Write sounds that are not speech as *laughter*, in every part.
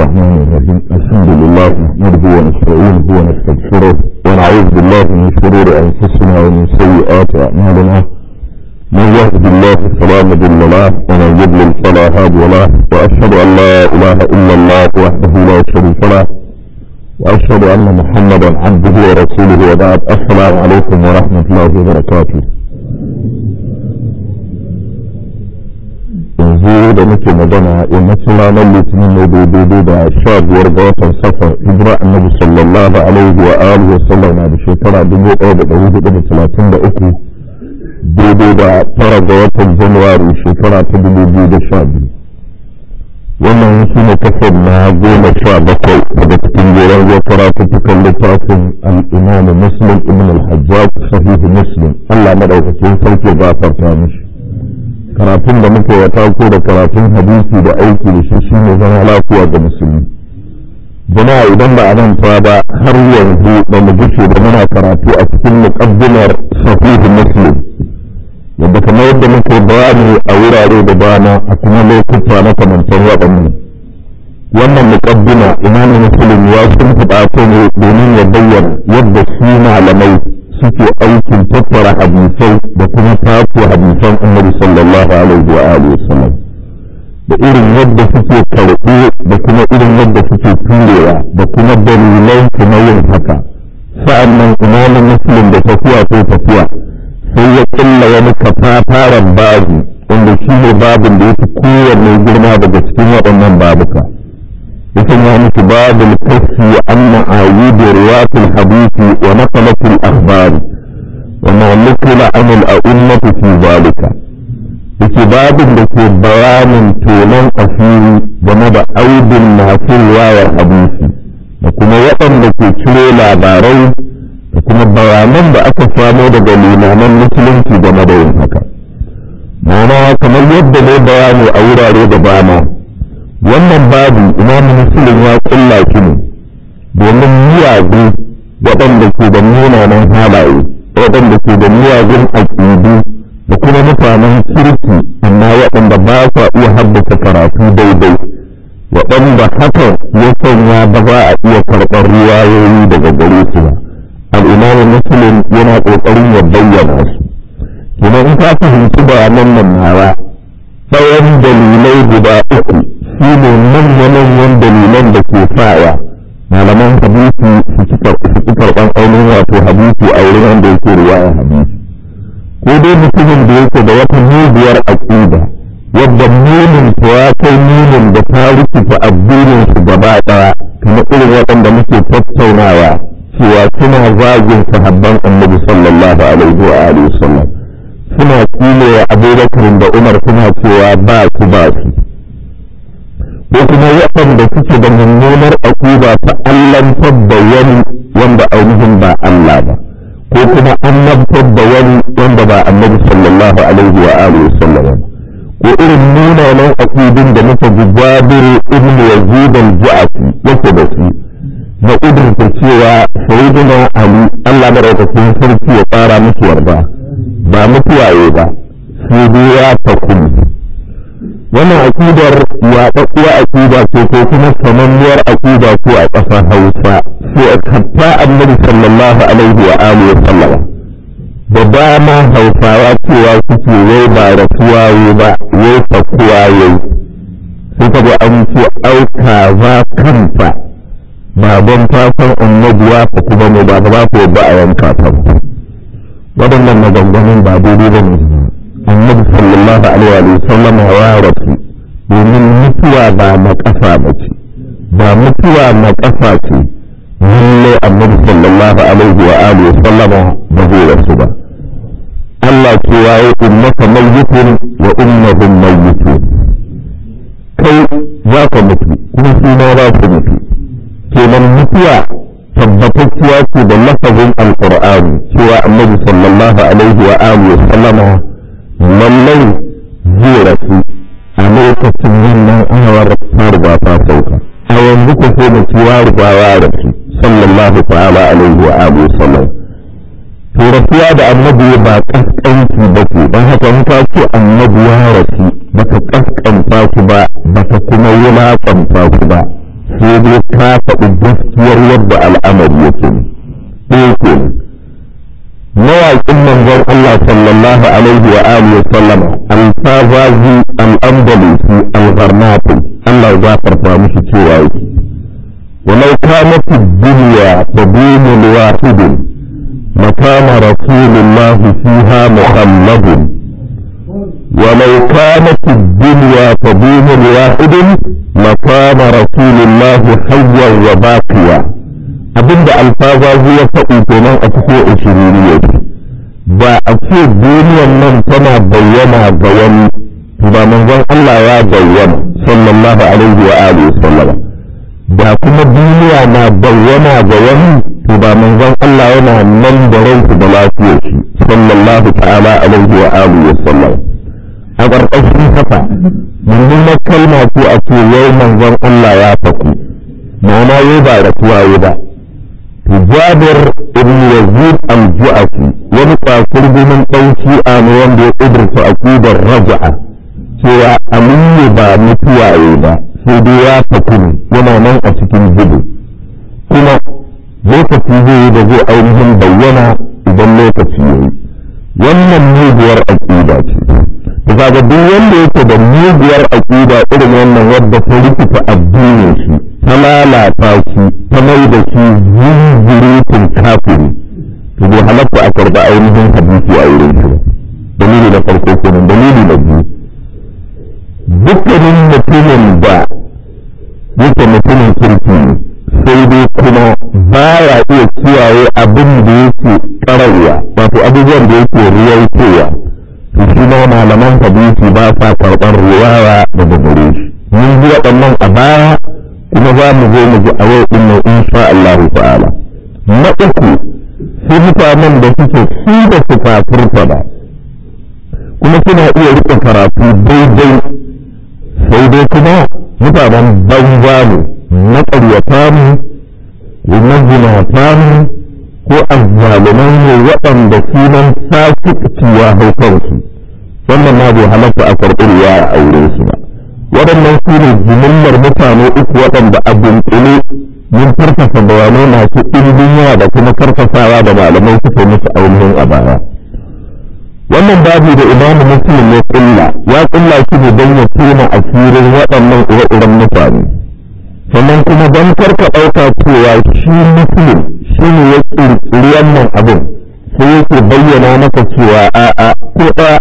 الرحمن الرحيم الحمد لله نحمده ونستعينه ونستغفره ونعوذ بالله من شرور انفسنا ومن سيئات اعمالنا من يهد الله فلا مضل له ومن يضلل فلا هادي له واشهد ان لا اله الا الله وحده لا شريك له واشهد ان محمدا عبده ورسوله وبعد السلام عليكم ورحمه الله وبركاته yanzu da muke magana yammacin eh, ranar litinin ne daidai da sha biyar ga watan safar hijira annabi sallallahu alaihi wa alihi wasallam na da shekara dubu ɗaya da ɗari hudu da talatin da uku daidai da tara ga watan januwari shekara ta dubu biyu da sha biyu wannan shi ne kasar na goma sha bakwai daga cikin goron gofara ta littafin al'imam muslim ibn al-hajjaj sahihu muslim allah maɗaukakin sarki gafarta mishi karatun da muka ya tako da karatun hadisi da aiki da shi shi ne zama lafiya ga musulmi jama'a idan ba a manta ba har yanzu da mu guce da muna karatu a cikin muqaddimar sahih muslim yadda kamar yadda muke bayani a wurare da bana a kuma lokuta na kamantar waɗannan wannan muqaddima imamu muslim ya sun faɗa ne domin ya bayyana yadda su malamai suke aikin tattara hadisai da kuma tafiya hadisan annabi sallallahu alaihi wa alihi wasallam da irin yadda suke karɓe da kuma irin yadda suke turewa da kuma su kuma yin haka sa'annan imamin muslim da tafiya ko tafiya sai ya kalla wani kafafaren babu wanda shi ne babin da ya fi kowanne girma daga cikin waɗannan babuka يسمى انتباب الفقه عن معايب رواة الحديث ونقلة الأخبار وما نقل عن الأئمة في ذلك بسباب التي بيان تولن أثير جمد عيب masu riwayar hadisi da kuma waɗanda ke ciro labarai da kuma bayanan da aka samo daga limaman musulunci game da yin haka ma'ana kamar yadda ne bayani a wurare da dama wannan babu imam muslim ya kulla shi ne domin miyagu waɗanda ke da munanan halaye waɗanda ke da miyagun aƙidu da kuma mutanen kirki amma waɗanda ba sa iya haddasa karatu daidai waɗanda hakan ya sanya ba za a iya karɓar ruwayoyi daga gare su ba al'imam muslim yana ƙoƙarin ya bayyana su kuma in ka fahimci bayanan nan nawa tsawon dalilai guda uku shi ne manya-manyan dalilan da ke sawa malaman hadisi su ci karɓar ainihin wato hadisi a wurin wanda yake ruwaya hadisi ko dai mutumin da yake da wata muguwar aƙida wadda munin ta ya kai munin da ta rikita addinin su gaba ɗaya kamar irin waɗanda muke tattaunawa cewa suna zagin sahabban annabi sallallahu alaihi wa alihi wasallam suna kile abubakar da umar suna cewa ba su ba su ko kuma waɗanda suke da mummunar aƙuba ta allantar da wani wanda ainihin ba Allah ba ko kuma annabtar da wani wanda ba annabi sallallahu alaihi wa alihi wasallam ko irin munanan aƙudin da muka ji Jabir ibn Yazid al-Ja'fi yake da su da ƙudurta cewa sayyidina Ali Allah madaukakin sarki ya fara musu yarda ba mutuwaye ba sai dai ya takum wannan akidar yaɗaɗɗuwa akida ce ko kuma a akida ce a ƙasar hausa sai a kafa annabi sallallahu alaihi wa alihi wa sallama da dama hausawa cewa suke wai ba rasuwa kuwaye ba wai fakuwa yi sai ka ga an ce auka za ba baban fasan annabi ya faku ba ne ba ba ku yadda a yanka ta waɗannan maganganun ba daidai ba ne annabi sallallahu alaihi wa sallam ya rasu domin mutuwa ba na kafa ba ce ba mutuwa na kafa ce lalle annabi sallallahu alaihi wa alihi wa sallam ba zai rasu ba Allah ke waye ummata mayyitun wa ummatun mayyitun kai za ka mutu kuma su ma za su mutu kenan mutuwa tabbatacciya ce da lafazin alqur'ani cewa annabi sallallahu alaihi wa alihi wa sallama lallai zai rasu a lokacin wannan awar ta riga ta sauka a yanzu ku sai da cewa riga ya rasu sallallahu ta'ala alaihi wa alihi sallam to rasuwa da annabi ba kaskanci ba ce don haka in ka ce annabi ya rasu ba ka kaskanta ku ba ba ka kuma yi wulaƙanta ku ba sai dai ka faɗi gaskiyar yadda al'amari yake ne ɗaya mawaƙin manzon Allah sallallahu alaihi wa alihi wa sallama al-Tawazi al-Andalusi al-Gharnati Allah ya gafarta mishi cewa yake ولو كانت ma تدوم الواحد مقام رسول الله فيها مخلد ولو كانت الدنيا تدوم ma مقام رسول الله حيا وباقيا abinda zai ya faɗi kenan a cikin usuluri ya ce ba a ce duniyan nan tana bayyana ga wani ba manzon Allah ya bayyana sallallahu alaihi wa alihi sallama ba kuma duniya na bayyana ga wani to ba manzon Allah yana nan da ranku da lafiyar shi sallallahu ta'ala alaihi wa alihi sallama a ƙarƙashin kafa mummunar kalma ko a ce yau manzon Allah ya faku ma'ana yau ba da yau ba jabir ibn yazid al-ju'afi wani kwasir gumin ɗan a ne wanda ya ƙudurta aƙidar raja'a cewa amin ne ba mutuwa ya ba sai dai ya faku yana nan a cikin gudu kuma lokaci zai yi da zai ainihin da ainihin wannan banza ne maƙaryata na mazinata ko azzalumai ne waɗanda sunan fasik ya haifar su wannan ma bai halatta a karɓi ya aure su ba waɗannan su ne jimillar mutane uku waɗanda a dunkule mun karfafa bayanai masu ɗimbin yawa da kuma karkasawa da malamai suka musu ainihin a baya wannan babu da imamu muslim ya kulla ya kulla shi ne don ya cewa shi musulun shi ne ya ƙirƙiri wannan abin sai yake bayyana maka cewa a'a ko ɗaya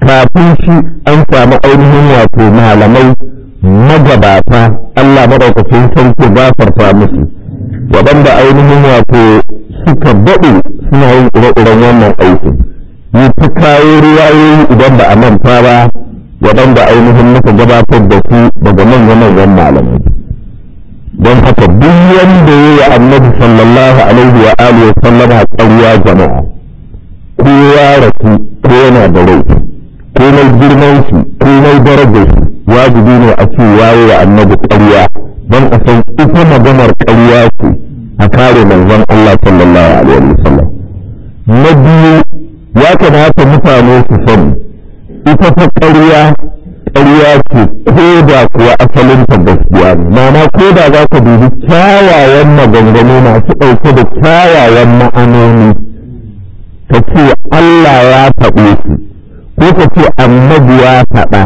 kafin shi an samu ainihin wato malamai magabata Allah maɗaukacin sarki farfa musu waɗanda ainihin wato suka daɗe suna yin ire-iren wannan aikin yi ta kawo ruwayoyi idan ba a manta ba waɗanda ainihin muka gabatar da su daga manyan wani malamai annabi sallallahu alaihi wa alihi wa sallam haƙariya jama'a kowa rasu ko yana da rai komai girman shi komai darajar su wajibi ne a ce yayi wa annabi ƙarya don a san ita maganar ƙarya ce a kare manzon Allah sallallahu alaihi wa sallam na biyu ya kamata mutane su sani ita ta ƙarya ƙarya ce ko da kuwa asalin tabbas Allah ko da za ka dubi kyawawan maganganu masu ɗauke da kyawawan ma'anoni ka ce Allah ya faɗe su ko ka ce annabi ya faɗa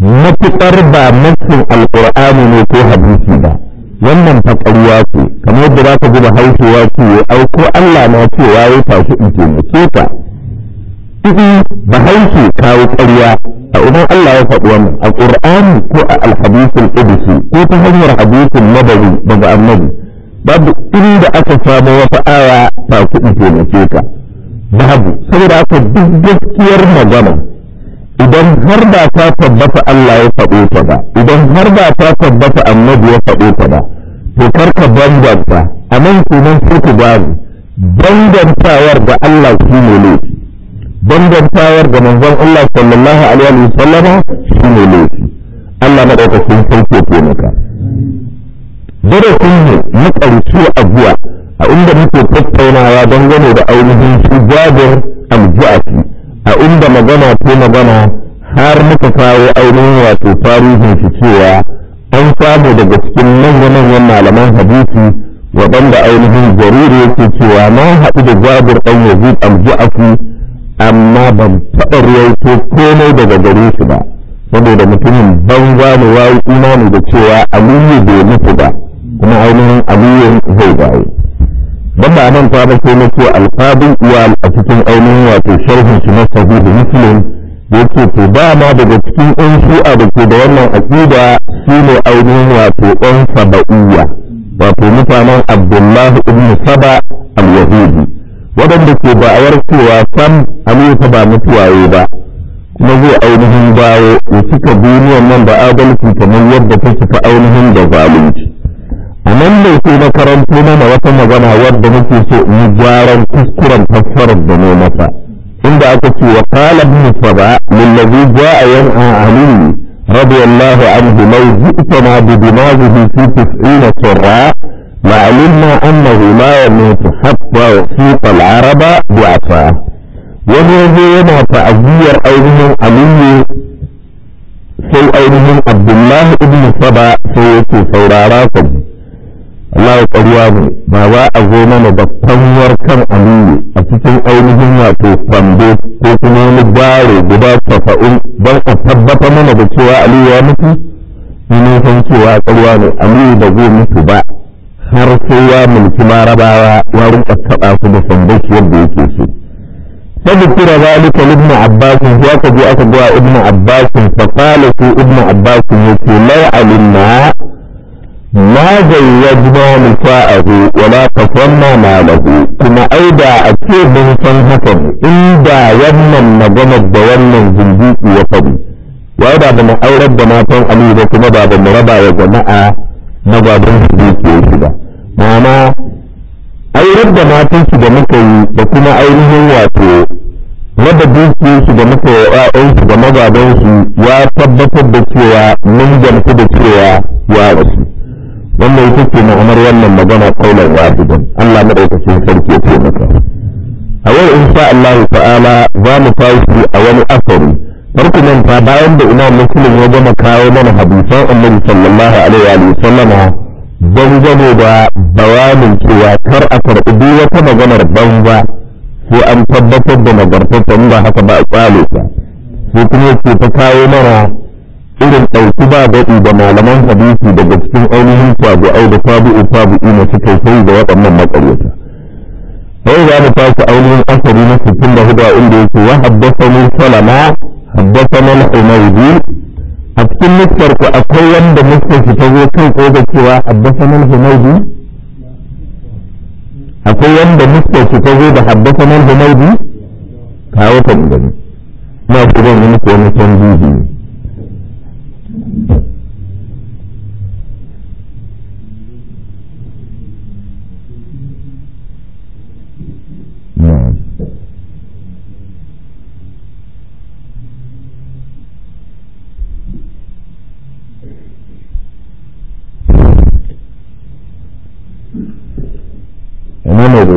matuƙar ba nassin alƙur'ani ne ko hadisi ba wannan fa ce kamar yadda za ka ji ba ce ko Allah na cewa ya yi tashi in ce ka ba hauke kawo ƙarya a idan Allah ya faɗi wannan a ƙur'ani ko a alhadisul qudsi ko ta hanyar hadisin nabawi daga annabi babu inda aka samu wata aya ta kuɗi taimake ka babu saboda aka duk gaskiyar magana idan har ba ta tabbata Allah ya faɗo ta ba idan har ba ta tabbata annabi ya faɗo ta ba to karka bambanta a nan kenan sai ku gane bambantawar da Allah shi ne laifi bambantawar da manzon Allah sallallahu alaihi wa sallama shi ne ne Allah sun sarki ke maka darasin ne na ƙarshe a zuwa a inda muke tattaunawa dangane da ainihin shi al a inda magana ko magana har muka kawo ainihin wato tarihin shi cewa an samu daga cikin manya-manyan malaman hadisi waɗanda ainihin jariri yake cewa na haɗu da jabir ɗan yazid al amma ban taɓa ruwaito komai daga gare su ba saboda mutumin banza ne ya yi imani da cewa aliyu bai mutu ba kuma ainihin aliyu zai bayi ban da nan ta bace na ce alfadin iyal a cikin ainihin wato sharhin su na da muslim da ce to ba ma daga cikin ɗan shi'a da ke da wannan aƙida shi ne ainihin wato ɗan saba'iyya wato mutanen abdullahi ibn saba al-yahudi waɗanda ke ba a warkewa sam aliyu ba mutuwaye ba kuma zai ainihin bawo ya cika duniyar nan da adalci kamar yadda ta cika ainihin da zalunci a nan ne sai na na wata magana wadda muke so in gyaran kuskuren fassarar da ne mata inda aka ce wa kala ba ibn za a yan a ali رضي الله عنه لو جئتنا بدماغه في تسعين سرا لعلمنا انه لا يموت حتى وسوق العرب ضعفا وهو ينا تعزير أيهم علي سي أيهم عبد الله ابن سبا سيكي سوراراكم الله قرياني ما وا أزونا نبطن وركن علي أتكن أيهم واتو فندو كوكنا نباري بدا تفاؤل بل أثبت من بكوا علي ومتي ni san cewa ƙarwa ne aliyu da zai mutu ba har sai ya mulki marabawa ya rinka faɗa su da sandaki yadda yake so sabu kira zalika ibnu abbas ya ka je aka ga ibnu abbas fa qala su ibnu abbas yace la alimna ma zayyadna nisa'ahu wa la tafanna ma lahu kuma aida a ce mun san hakan inda wannan magana da wannan jinduki ya faɗi wa da mun aurar da matan amiru kuma ba da mu raba wa jama'a magwagon su zai ke shi ba ma'ana aurar da matan su da muka yi da kuma ainihin wato raba dukiyar su da muka yi ƴaƴan su da magwagon su ya tabbatar da cewa mun gamsu da cewa ya wasu wannan ita ce ma'amar wannan magana kaulan wahidan Allah madaukakin sarki ya maka a yau insha Allah ta'ala za mu tashi a wani asari barku ta bayan da ina muslim ya gama kawo mana hadisan annabi sallallahu alaihi wa sallam dangane da bayanin cewa kar a karbi duk wata maganar banza sai an tabbatar da ta ba haka ba a tsale ta sai kuma ce ta kawo mana irin ɗauki ba daɗi da malaman hadisi da cikin ainihin au da u tabi na suka sai da waɗannan matsalolin sai za mu tashi ainihin asari na 64 inda yake wa haddathani salama habda sanan himar a cikin mistarku akwai wanda mistar shi ta ke kai ko da shi ba habda sanan himar biyu akwai wanda mistar shi ta ke da habda sanan himar biyu kawo tambam na fi da ni ni koni san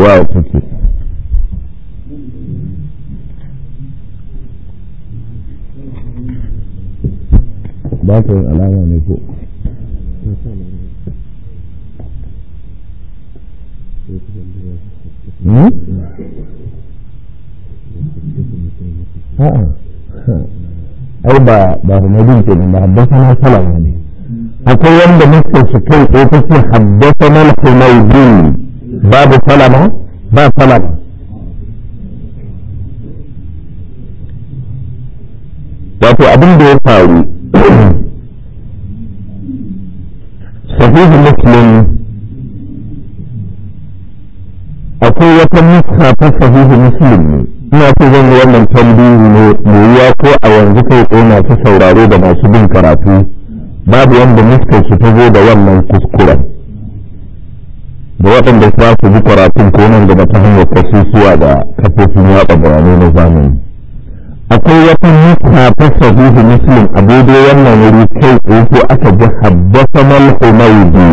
a kuke ba ku alama ne ko hmm? ai ba ba na jin ke ba haddasa na salama ne akwai wanda nake su kai ko kace haddasa na al-humaydin babu salama ba salama wato abin da ya faru *clears throat* sahihu muslim akwai wata nuska ta sahihu muslim ina so zan yi wannan tambayi ne yiwuwa ko a yanzu kai ko masu sauraro da masu bin karatu babu wanda nuskar su ta zo da wannan kuskuren da waɗanda za su bi karatun ko nan da ta hanyar kasusuwa da kafofin yaɗa bayanai na zamani akwai wata nuka ta sahihu muslim a daidai wannan wuri kai ko aka ji habbasa malhumaidi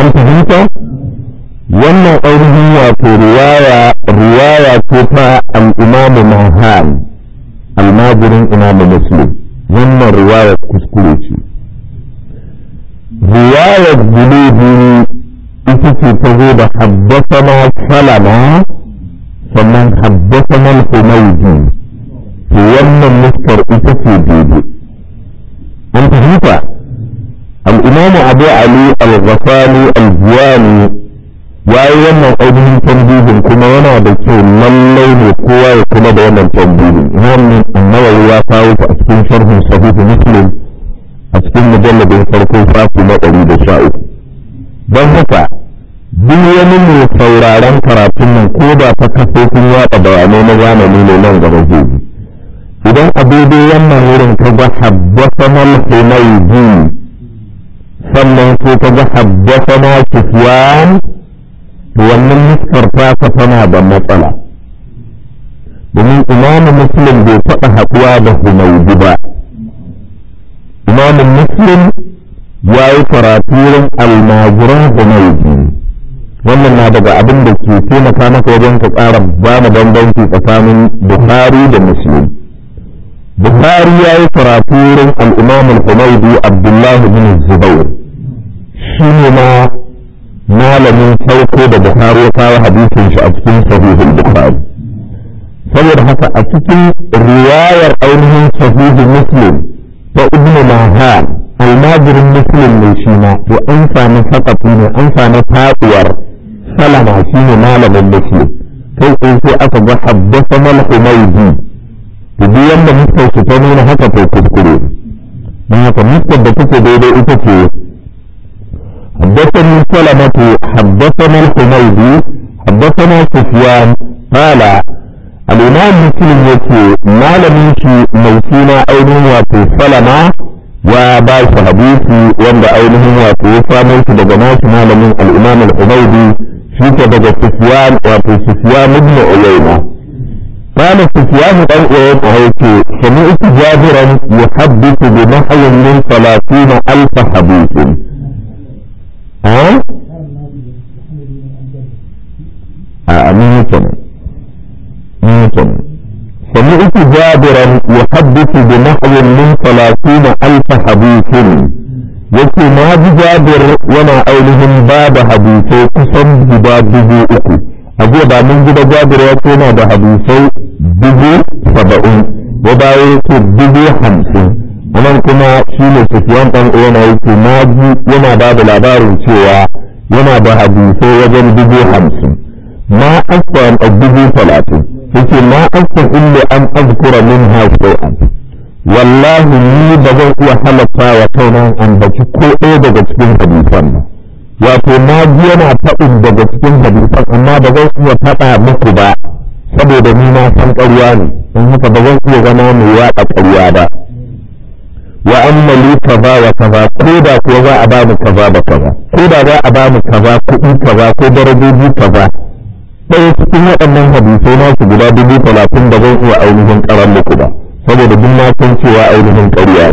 an fahimta wannan ainihin wato riwaya riwaya ce ta al mahal almajirin imamu muslim wannan riwaya kuskure ce riwayar biyu. ita ce ta zo da haddasana salama sannan haddasana al-humaydi to wannan muskar ita ce daidai an fahimta al-imam abu ali al-ghafani al-jiyani yayi wannan ainihin tambihin kuma yana da kyau lallai ne kowa ya kuma da wannan tambihin wannan annawawi ya kawo ta a cikin sharhin sahihu muslim a cikin mujalladin farko fasu na ɗari da sha uku don haka duk wani mai sauraron karatun nan ko da ta kafofin yaɗa bayanai na zamani ne nan gaba zai idan a daidai wannan wurin ka ga na yi humaydi sannan ko ka ga haddasana sufyan wannan nuskar ta tana da matsala domin imamu muslim bai faɗa haɗuwa da humaydi ba imamu muslim ya yi karatu wurin almajiran humaydi wannan na daga abin da ke taimaka maka wajen ka tsara ba mu bambanci tsakanin bukhari da muslim bukhari ya yi karatu wurin al'imam al-humaydi abdullah bin zubair shi ne ma malamin farko da bukhari ya kawo hadisin shi a cikin Sahih al bukhari saboda haka a cikin riwayar ainihin Sahih muslim ta ibnu mahan almajirin muslim ne shi ma to an sami sakatu ne an sami faduwar salama shi ne malamin muslim kai sai sai aka ga haddasa mal humaydi to duk yanda muskar su ta nuna haka to kuskure da take daidai ita ce حدثني سلمة حدثنا الحميدي حدثنا سفيان قال الإمام مسلم يكي ما لم يشي موتينا أينهم وفي سلمة ya ba shi hadisi wanda ainihin wato ya samo shi daga nashi malamin al-Imam shi daga Sufyan wato Sufyan ibn Uyayna قال سفيان بن عيينة هيك سمعت جابرا يحدث بنحو من ثلاثين ألف حديث ها؟ آه ممكن ممكن سمعت جابرا يحدث بنحو من ثلاثين ألف حديث yake na ji jabir yana ainihin ba da hadisai kusan guda dubu uku a jiya ba mun gida jabir ya ce yana da hadisai dubu saba'in ya dawo yake dubu hamsin anan kuma shi ne sufiyan ɗan uwana yake na ji yana ba da labarin cewa yana da hadisai wajen dubu hamsin ma a dubu talatin yake ma asfan illa an azkura min ha shay'an wallahi ni ba zan iya halatta wa kaina an baki ko ɗaya daga cikin hadisan ba wato na ji yana faɗin daga cikin hadisan amma ba zan iya faɗa muku ba saboda ni na san ƙarya ne in haka ba zan iya zama mai yaɗa ƙarya ba wa amma kaza wa kaza ko da kuwa za a ba mu kaza da kaza ko da za a ba mu kaza kuɗi kaza ko darajoji kaza ɗaya cikin waɗannan hadisai na su guda dubu talatin da zan iya ainihin ƙaran muku ba saboda duk na san cewa ainihin ƙarya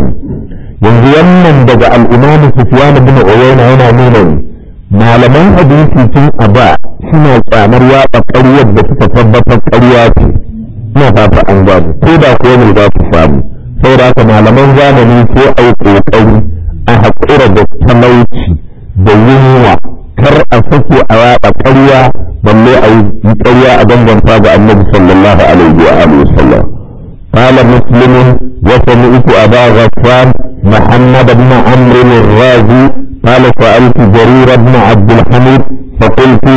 ne yanzu wannan daga al'imamu sufyan bin uyayna yana nuna ne malaman hadisi tun a ba suna kyamar yaɗa ƙaryar da suka tabbatar ƙarya ce suna fata an gano ko da kuwa ne za su samu saboda haka malaman zamani sai a ƙoƙari a haƙura da talauci da yunwa kar a sake a yaɗa ƙarya balle a yi ƙarya a danganta ga annabi sallallahu alaihi wa alihi wa sallam قال مسلم وسمعت أبا غفار محمد بن عمرو الرازي قال سألت جرير بن عبد الحميد فقلت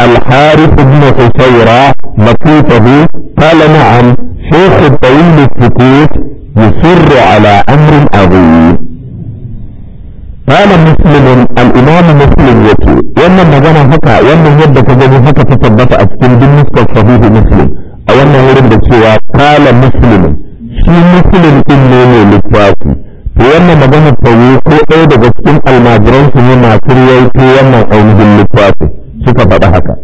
الحارث بن حسيرة مكيته قال نعم شيخ طويل السكوت يصر على أمر عظيم قال مسلم الإمام مسلم يتي يمن جنى هكا يمن يبدأ تجد هكا تثبت أسكن بالنسبة صحيح مسلم a wannan wurin da cewa kala muslimin shi muslim din ne ne littafi to wannan magana tawo ko ɗaya daga cikin almajiran su ne masu ko wannan ainihin littafi suka faɗa haka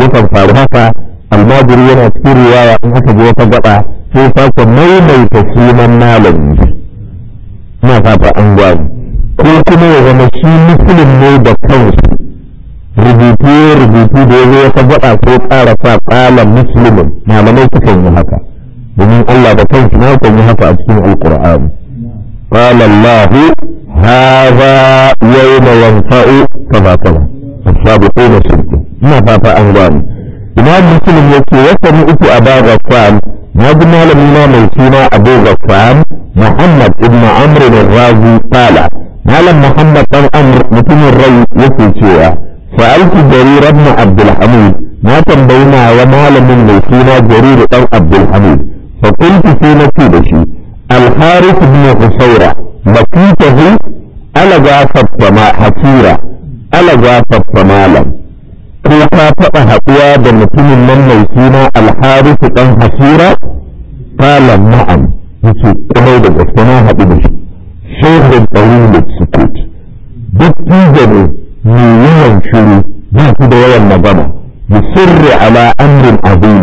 yakan faru haka almajiri yana cikin riwaya in aka je wata gaba sai sake maimaita sunan malami na fata an gwani ko kuma ya zama shi muslim ne da kansu rubutu-rubutu da ya zo wata gaba ko ƙara sa ƙalan musulmin malamai sukan yi haka domin Allah da kansu na kan yi haka a cikin alƙur'ani yau da hadha ta yanfa'u a sabu ko sabiquna shirku ina fata an gani imam ya yake wasa ni uku a ba fa'an na ji malamin na mai suna abu fa'an muhammad ibn amr bin razu qala malam muhammad dan amr mutumin rai yake cewa sa'altu jarir ibn abdul hamid na tambayi na wa malamin mai suna jarir dan abdul hamid fa kuntu sai na da shi al harith ibn usaira makitahu ala gafatta ma hakira ala gafatta malam ko ka taɓa haɗuwa da mutumin nan mai suna al harith dan hasira qala na'am yace kuma da gaske na haɗu da shi shehun ɗaurin da sukut duk ne mai yawan shiru ba fi da yawan magana bisirri ala amrin azim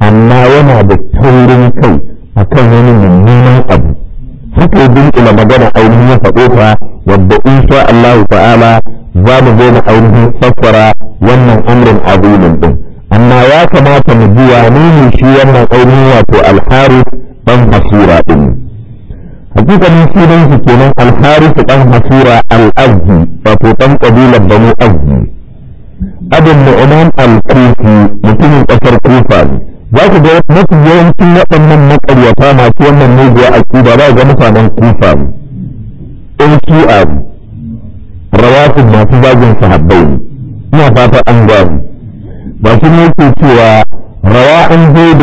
amma yana da taurin kai akan wani mummunan abu haka dunkula magana ainihin ya faɗo ta wadda insha Allah ta'ala za mu zo mu ainihin safara wannan amrin azimin din amma ya kamata mu ji wa ne shi wannan ainihin wato alharu dan basura din hakikanin sunan su kenan alharis dan hasura al-azzi wato dan kabilar banu azzi abin nu'man al-kufi mutumin kasar kufa ne za ku ga mafi yawancin waɗannan maƙaryata masu wannan muguwa a kuba za ga mutanen kufa ne ɗan shi'a ne rawafin masu zagin sahabbai ne ina an ba yake cewa rawa'in zaid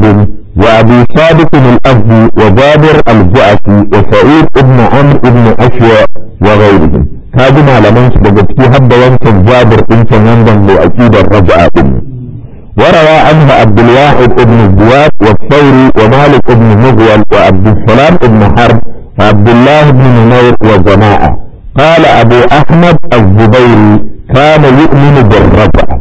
bin وأبي صادق الأبدي وجابر الجعفي وسعيد بن عمرو بن أشوى وغيرهم هذه معلمان سبقتي هبدا وانسان جابر انسان ينضم لأكيد الرجعة وروى عنه عبد الواحد بن الزواد والثوري ومالك بن مغول وعبد السلام بن حرب وعبد الله بن منير وجماعة قال أبو أحمد الزبيري كان يؤمن بالرجعة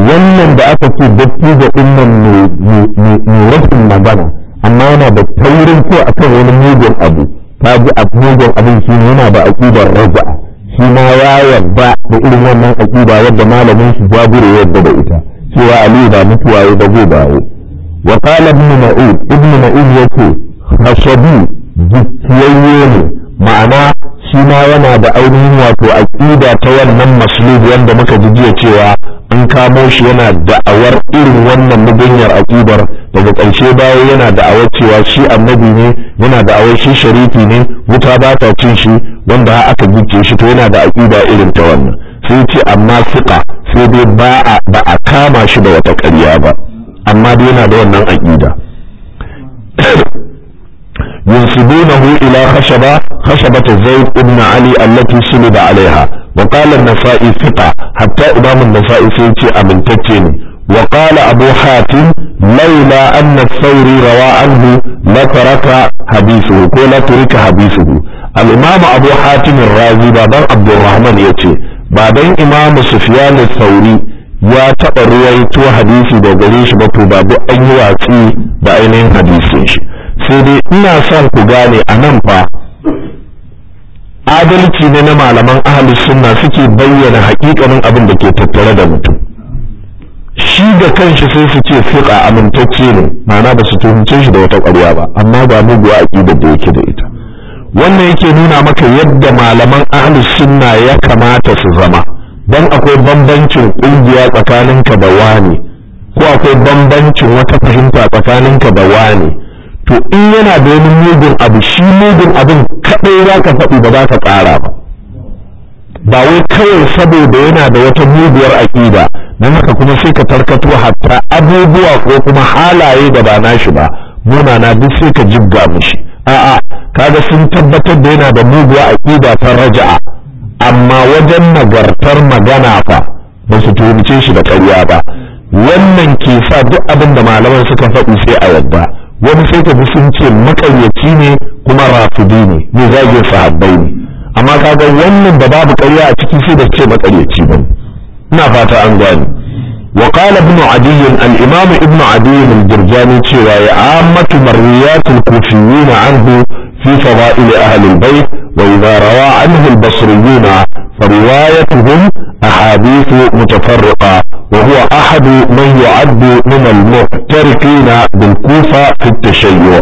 wannan da aka ce dattijo din nan mai rashin magana amma yana da taurin ko kan wani mugun abu ta ji a mugun abin shi yana da aƙidar raja'a shi ma ya yarda da irin wannan aƙida yadda malamin shi jabiru yadda da ita cewa aliyu ba mutuwa ya dago baye wa qala ibn ma'ud ibn ma'ud yace ne ma'ana shi ma yana da ainihin wato aƙida ta wannan maslub wanda muka ji jiya cewa an kamo shi yana da'awar irin wannan mugunyar akubar daga ƙarshe bayan yana da'awar cewa shi annabi ne yana da'awar shi sharifi ne wuta ba ta cin shi wanda aka gicce shi to yana da aƙida irin ta wannan sai ce amma suka sai dai ba a ba a kama shi da wata ƙarya ba amma dai yana da wannan akida ينسبونه *coughs* ila khashaba خشبة zaid ibn ali allati سلب alaiha wa qala an-nasa'i thiqa hatta imam an-nasa'i sai ce amintacce ne wa qala abu hatim laula anna thawri rawa anhu la taraka hadithu ko la turika hadithu al abu hatim ar-razi baban abdurrahman yace baban imam sufyan ath-thawri ya taɓa ruwaito hadisi da gare shi ba to babu an yi watsi ba ainihin hadisin sai dai ina son ku gane a nan fa adalci ne na malaman ahalus sunna suke bayyana hakikanin abin da ke tattare da mutum shi da kanshi sai su ce fiqa amintacce ne ma'ana ba su tuhunce shi da wata ƙwarya ba amma ba muguwa aqidar da yake da ita wannan yake nuna maka yadda malaman ahli sunna ya kamata su zama dan akwai bambancin ƙungiya tsakaninka da wani ko akwai bambancin wata fahimta tsakaninka da ne to in yana da wani mugun abu shi mugun abin kaɗai za ka faɗi ba za ka ƙara ba ba wai kawai saboda yana da wata muguwar aƙida don haka kuma sai ka tarkato hatta abubuwa ko kuma halaye da ba nashi ba munana duk sai ka jibga mishi a'a kaga sun tabbatar da yana da muguwa aƙida ta raja'a amma wajen nagartar magana fa ba su tuhumce shi da ƙarya ba wannan ke sa duk abin da malaman suka faɗi sai a yadda wani sai ka sun ce makayyaci ne kuma rafidi ne ne zagin sahabbai ne amma kaga wannan da babu ƙarya a cikin su da ce makayyaci ba ina fata an gane wa qala ibn adiy al imam ibn adiy al jirjani cewa ya ammatu marwiyat al kufiyyin anhu fi fadail ahli al bayt wa idha rawa anhu al basriyyin فروايتهم أحاديث متفرقة وهو أحد من يعد من المحترقين بالكوفة في التشيع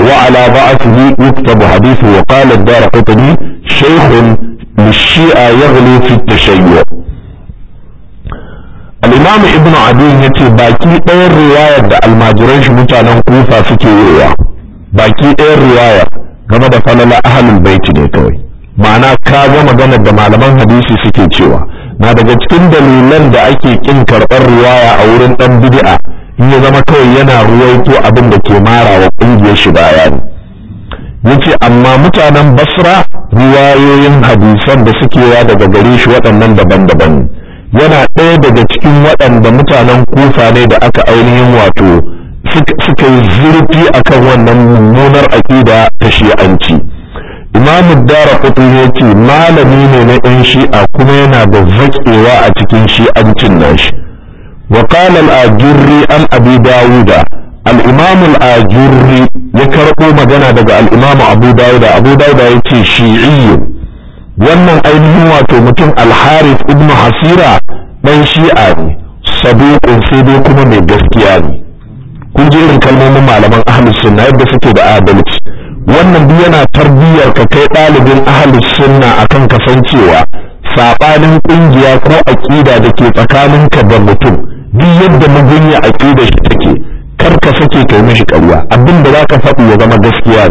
وعلى ضعفه يكتب حديثه وقال الدار قطني شيخ للشيعة يغلو في التشيع الإمام ابن عدي يتي باكي اير رواية الماجريش متانا كوفة في كيوية باكي اير رواية game da falala ahalul baiti ne kawai ma'ana ka ga maganar da malaman hadisi suke cewa na daga cikin dalilan da ake kin karɓar ruwaya a wurin ɗan bid'a in ya zama kawai yana ruwaito abin da ke wa ƙungiyar shi baya yace amma mutanen basra ruwayoyin hadisan da suke ya daga gare shi waɗannan daban-daban yana ɗaya daga cikin waɗanda mutanen kufa ne da aka ainihin wato suka yi zurfi akan wannan mummunar aƙida ta shi'anci imam dara kutun ya ce malami ne na yan shi'a kuma yana da zaƙewa a cikin shi'ancin nashi wa qala al-ajurri an abi dawuda al-imam al-ajurri ya karɓo magana daga al-imam abu dawuda abu dawuda ya ce shi'i wannan ainihin wato mutum al-harith ibn hasira dan shi'a ne saduqun sai dai kuma mai gaskiya ne kun ji irin kalmomin malaman ahlus sunna yadda suke da adalci wannan duk yana tarbiyyar ka kai ɗalibin ahalus sunna akan cewa saɓanin ƙungiya ko aƙida da ke tsakaninka da mutum duk yadda mugunya aƙida shi take kar ka sake kai mishi ƙarya abin da za ka faɗi ya zama gaskiya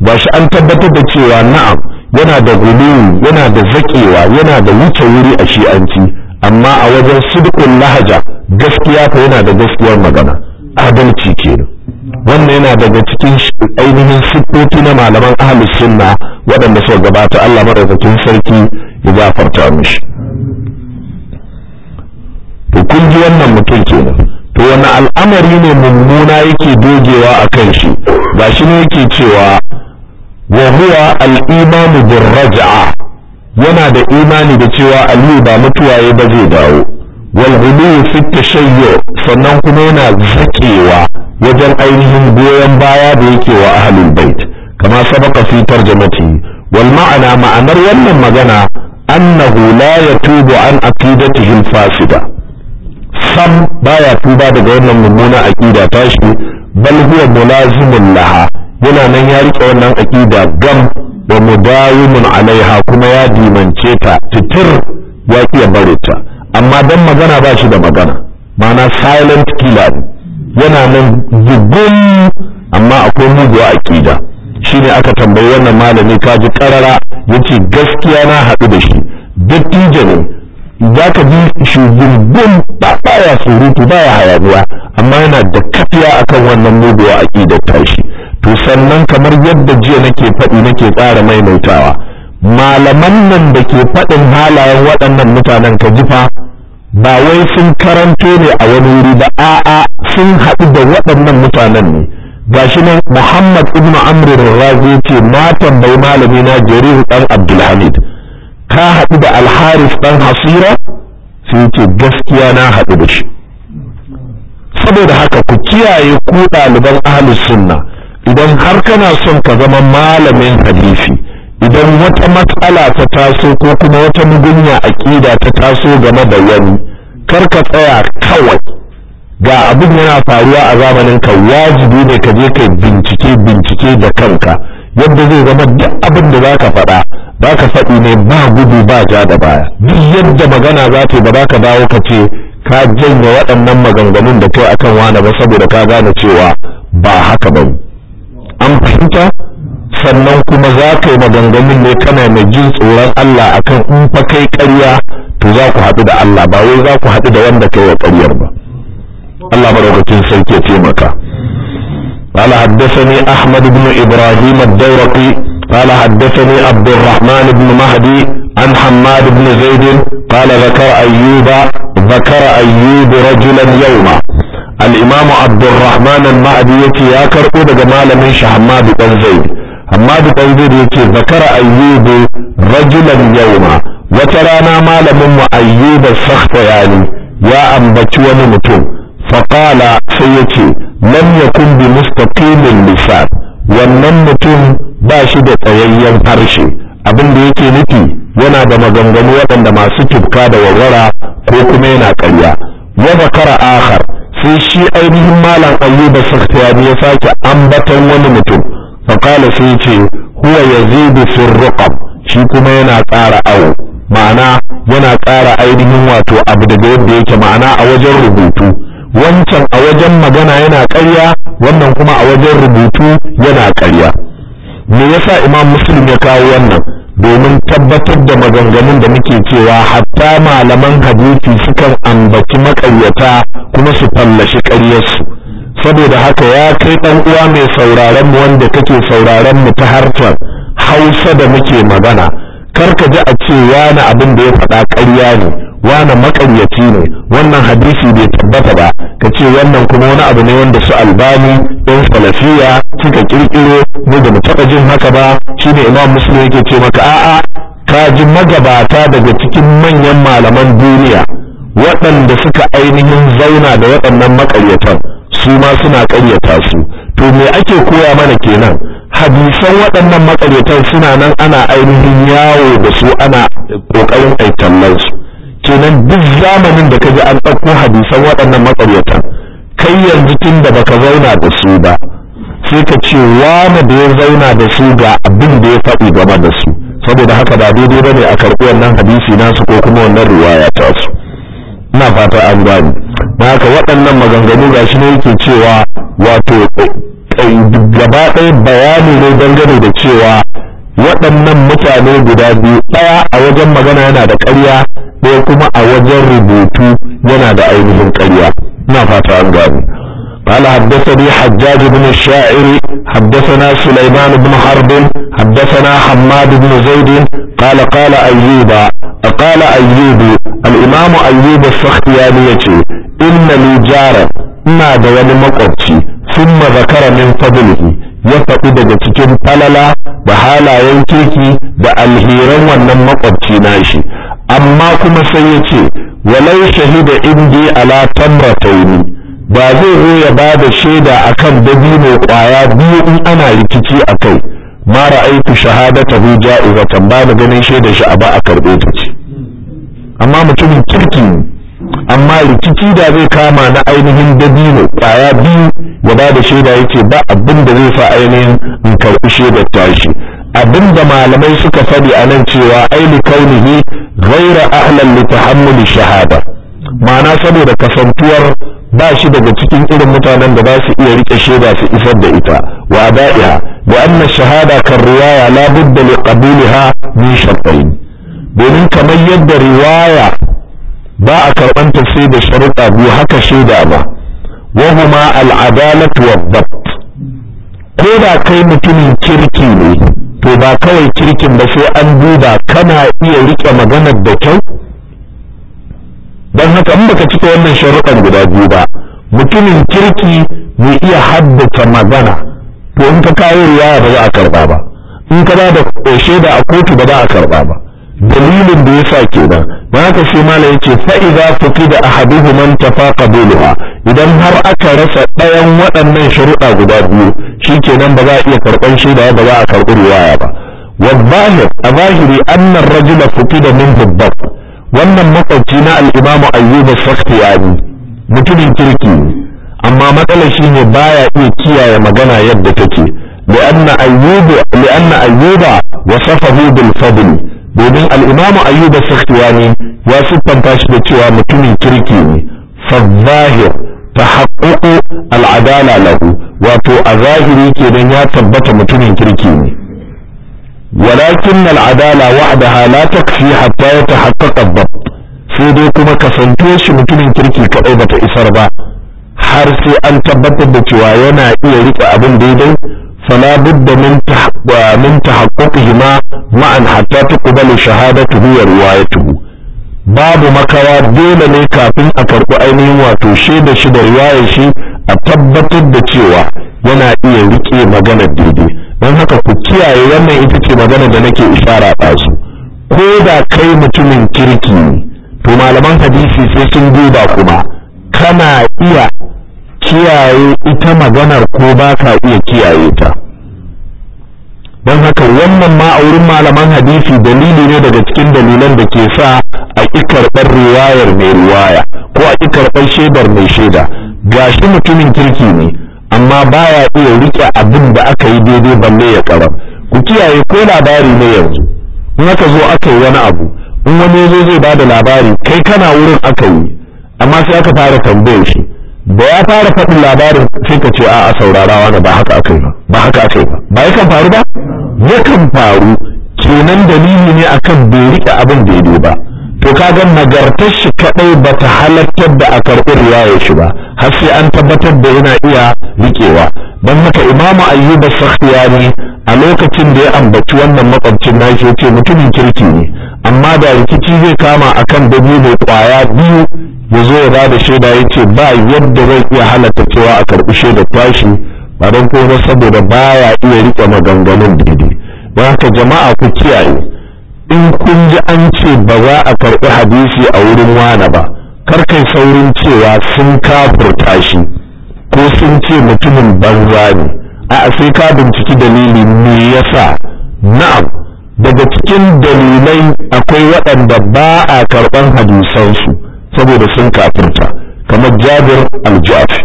ba shi an tabbatar da cewa na'am yana da guluwi yana da zaƙewa yana da wuce wuri a shi'anci amma a wajen sidikun lahaja gaskiya fa yana da gaskiyar magana adalci kenan wannan yana daga cikin ainihin siffofi na malaman ahalus sunna waɗanda suka gabata Allah madaukakin sarki ya gafarta mishi to kun ji wannan mutum kenan to wani al'amari ne mummuna yake dogewa a kan shi ga shi ne yake cewa wa huwa al-imanu raja'a yana da imani da cewa aliyu ba mutuwaye ba zai dawo wal hudu fi tashayyu sannan kuma yana zakewa wajen ainihin goyon baya da yake wa ahlul bait kama sabaka fi tarjamati wal ma'ana ma'anar wannan magana annahu la yatubu an aqidatihim fasida sam baya tuba daga wannan mummuna aqida tashi bal huwa mulazimun laha yana nan ya rike wannan aqida gam wa mudawimun alaiha kuma ya dimance ta titir ya kiya bare ta amma dan magana ba shi da magana ma'ana silent killer yana nan zubin amma akwai muguwa a shi ne aka tambayi wannan malami ji karara ya ce gaskiya na haɗu da shi dattijo ne za ka ji shi zubin ba baya surutu ba ya hayaguwa amma yana da kafiya akan wannan muguwa a aƙidar tashi to sannan kamar yadda jiya nake faɗi nake mai maimaitawa malaman nan da ke faɗin halayen waɗannan mutanen ka jifa ba wai sun karanto ne a wani wuri ba a'a sun haɗu da waɗannan mutanen ne gashi nan Muhammad ibn Amr al-Razi ce na tambayi malami na Jarir dan Abdulhamid ka haɗu da Al-Harith dan Hasira sai ce gaskiya na haɗu da shi saboda haka ku kiyaye ku ɗaliban ahlus sunna idan har kana son ka zama malamin hadisi idan wata matsala ta taso ko kuma wata mugunya aƙida ta taso game da wani kar ka tsaya kawai ga abin yana faruwa a zamanin ka wajibi ne ka je kai bincike bincike da kanka yadda zai zama duk abin da zaka faɗa baka faɗi ne ba gudu ba ja da baya duk yadda magana za ta ba za ka dawo ka ce ka janye waɗannan maganganun da kai akan wani ba saboda ka gane cewa ba haka ba an fahimta sannan kuma za ka yi maganganun ne kana mai jin tsoron Allah akan in fa kai ƙarya to za ku haɗu da Allah ba wai za ku haɗu da wanda kai wa ƙaryar ba Allah madaukakin sarki ya taimaka قال حدثني أحمد بن إبراهيم الدورقي قال حدثني عبد الرحمن بن مهدي عن حماد بن زيد قال ذكر أيوب ذكر أيوب رجلا يوما الإمام عبد الرحمن المهدي يا كرقود جمال من شحماد بن زيد hamadu dan zai yace zakara ayyubu rajulan ma wata rana malamin mu ayyuba sakhtayani ya ambaci wani mutum faqala sai yace lam yakun bi mustaqimin lisan wannan mutum ba shi da tsayayyen harshe abin da yake nufi yana da maganganu waɗanda masu tufka da warwara ko kuma yana ƙarya wa zakara akhar sai shi ainihin malam ayyuba sakhtayani ya sake ambatan wani mutum faƙala sai ce huwa yazidu fi ruqab shi kuma yana tsara awo ma'ana yana ƙara ainihin wato abu daga yadda yake ma'ana a wajen rubutu wancan a wajen magana yana ƙarya wannan kuma a wajen rubutu yana ƙarya me yasa imam muslim ya kawo wannan domin tabbatar da maganganun da muke cewa hatta malaman hadisi sukan ambaci maƙaryata kuma su fallashi ƙaryarsu saboda haka ya kai ɗan uwa mai sauraron mu wanda kake sauraron mu ta harkar hausa da muke magana karka ji a ce wani abin da ya faɗa ƙarya ne wani maƙaryaci ne wannan hadisi bai tabbata ba ka ce wannan kuma wani abu ne wanda su albani ɗan salafiya suka ƙirƙiro mu da mu taɓa jin haka ba shine imam muslim yake ce maka a'a ka ji magabata daga cikin manyan malaman duniya waɗanda suka ainihin zauna da waɗannan maƙaryatan su ma suna ƙaryata su to me ake koya mana kenan hadisan waɗannan maƙaryatan suna nan ana ainihin yawo da su ana ƙoƙarin aitallar su kenan duk zamanin da kaji an ɗauko hadisan waɗannan maƙaryatan kai yanzu tun da baka zauna da su ba sai ka ce wane da ya zauna da su ga abin da ya faɗi game da su saboda haka ba daidai ba ne a karɓi wannan hadisi nasu ko kuma wannan riwaya ta su ina fata an gani da haka waɗannan maganganu ga shi ne yake cewa wato gaba ɗaya bayani ne dangane da cewa waɗannan mutane guda biyu ɗaya a wajen magana yana da ƙarya ɗaya kuma a wajen rubutu yana da ainihin ƙarya ina fata an gano قال حدثني حجاج بن الشاعر حدثنا سليمان بن حرب حدثنا حماد بن زيد قال قال أيوب قال أيوب الإمام أيوب السختياني inna lu jara ina da wani makwabci thumma zakara min fadlihi ya faɗi daga cikin falala da halayen kirki da alheran wannan makwabci shi amma kuma sai ya ce walai shahida indi ala tamrataini ba zai zo ya ba da shaida a kan akan dabino kwaya biyu in ana rikici a kai ma ra'aitu shahadatahu ja'izatan ba da ganin shaida shi a ba a karɓe ta ce amma mutumin kirki amma rikici da zai kama na ainihin dabino kwaya biyu ya ba da shaida yake ba abin da zai sa ainihin in karɓi shaidar tashi abin da malamai suka faɗi a nan cewa aini kaunihi zaira ahlan li tahammuli shahada ma'ana saboda kasantuwar ba shi daga cikin irin mutanen da ba su iya rike shaida su isar da ita wa da'iha wa anna shahada kan riwaya la budda li qabuliha min shartain domin kamar yadda riwaya ba a karɓanta sai da sharuɗa biyu haka shaida ba wahuma al'adalat wa dabt ko da kai mutumin kirki ne to ba kawai kirkin ba sai an duba kana iya riƙe maganar da kyau don haka in baka cika wannan sharuɗan guda biyu ba mutumin kirki mai iya haddata magana to in ka kawo riwaya ba za a karba ba in ka ba da shaida a kotu ba za a karɓa ba dalilin da yasa kenan na haka sai mala yace fa idza fuqida ahaduhum tafaqabulha idan har aka rasa ɗayan waɗannan sharuɗa guda biyu shikenan ba za a iya karɓar shaida ba za a karɓi riwaya ba والظاهر ظاهري أن الرجل فقد min الضبط wannan makwabci na al'imamu ayyuba saktiyani mutumin kirki amma matsalar shi ne baya iya kiyaye magana yadda take li'anna ayyuba wasafahu bil fadl domin al'imamu ayyuba sakhtiyani ya siffanta shi da cewa mutumin kirki ne fadzahir ta haƙoƙo al'adala lahu wato a zahiri kenan ya tabbata mutumin kirki ne walakin al'adala wa'daha la takfi hatta ya tahaqqaqa dhabt sai dai kuma kasanto shi mutumin kirki kaɗai bata isar ba har sai an tabbatar da cewa yana iya riƙe abin daidai فلا بد من من تحققهما معا حتى تقبل شهادته وروايته babu makawa dole ne kafin a karɓi ainihin wato shaida shi da riwayar shi a tabbatar da cewa yana iya riƙe magana daidai don haka ku kiyaye wannan ita ce magana da nake isara a su ko da kai mutumin kirki to malaman hadisi sai sun duba kuma kana iya kiyaye ita maganar ko ba ka iya kiyaye ta don haka wannan ma a wurin malaman hadisi dalili ne daga cikin dalilan da ke sa a ƙi karɓar riwayar mai riwaya ko a ƙi karɓar shaidar mai shaida shi mutumin kirki ne amma baya iya riƙe abin da aka yi daidai balle ya ƙara ku kiyaye ko labari na yanzu in aka zo aka yi wani abu in wani yazo zai ba da labari kai kana wurin aka yi amma sai aka fara tambayar shi da ya fara faɗin labarin sai ka ce a'a saurarawa na ba haka akai ba ba haka akai ba ba yakan faru ba yakan faru kenan dalili ne akan bai rike abin daidai ba to ka kaga nagartar shi kadai ta halartar da a karɓi riwayar shi ba har sai an tabbatar da yana iya rikewa don haka imamu ayyuba sakhiyani a lokacin da ya ambaci wannan makwabcin nashi ce mutumin kirki ne amma da rikici zai kama akan dabi mai kwaya biyu ya zo ya bada shaida ya ce ba yadda zai iya halatta cewa a karɓi shaida tashi ba don kuma saboda baya iya riƙe maganganun daidai don haka jama'a ku kiyaye in kun ji an ce ba za a karɓi hadisi a wurin wana ba kar kai saurin cewa sun kafurta shi ko sun ce mutumin banza ne a sai ka binciki dalili me yasa na'am daga cikin dalilai akwai waɗanda ba a karɓan hadisansu saboda sun kafirta kamar jabir al-ja'fi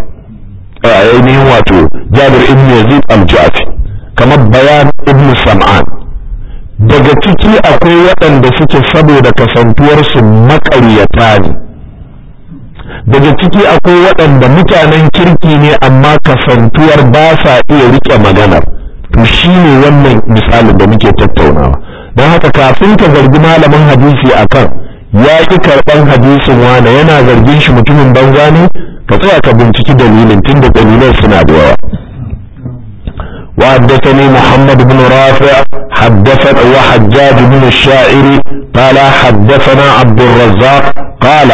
a ainihin wato jabir ibn yazid al-ja'fi kamar bayan ibn sam'an daga ciki akwai waɗanda suke saboda kasantuwarsu maƙaryata ne daga ciki akwai waɗanda mutanen kirki ne amma kasantuwar ba sa iya rike maganar to shi ne wannan misalin da muke tattaunawa don haka kafin ka zargi malamin hadisi akan ya ki karɓan hadisin wane yana zargin shi mutumin banza ne ka tsaya ka binciki dalilin tun da dalilan suna da yawa وحدثني محمد بن رافع حدثنا وحجاج بن الشاعر قال حدثنا عبد الرزاق قال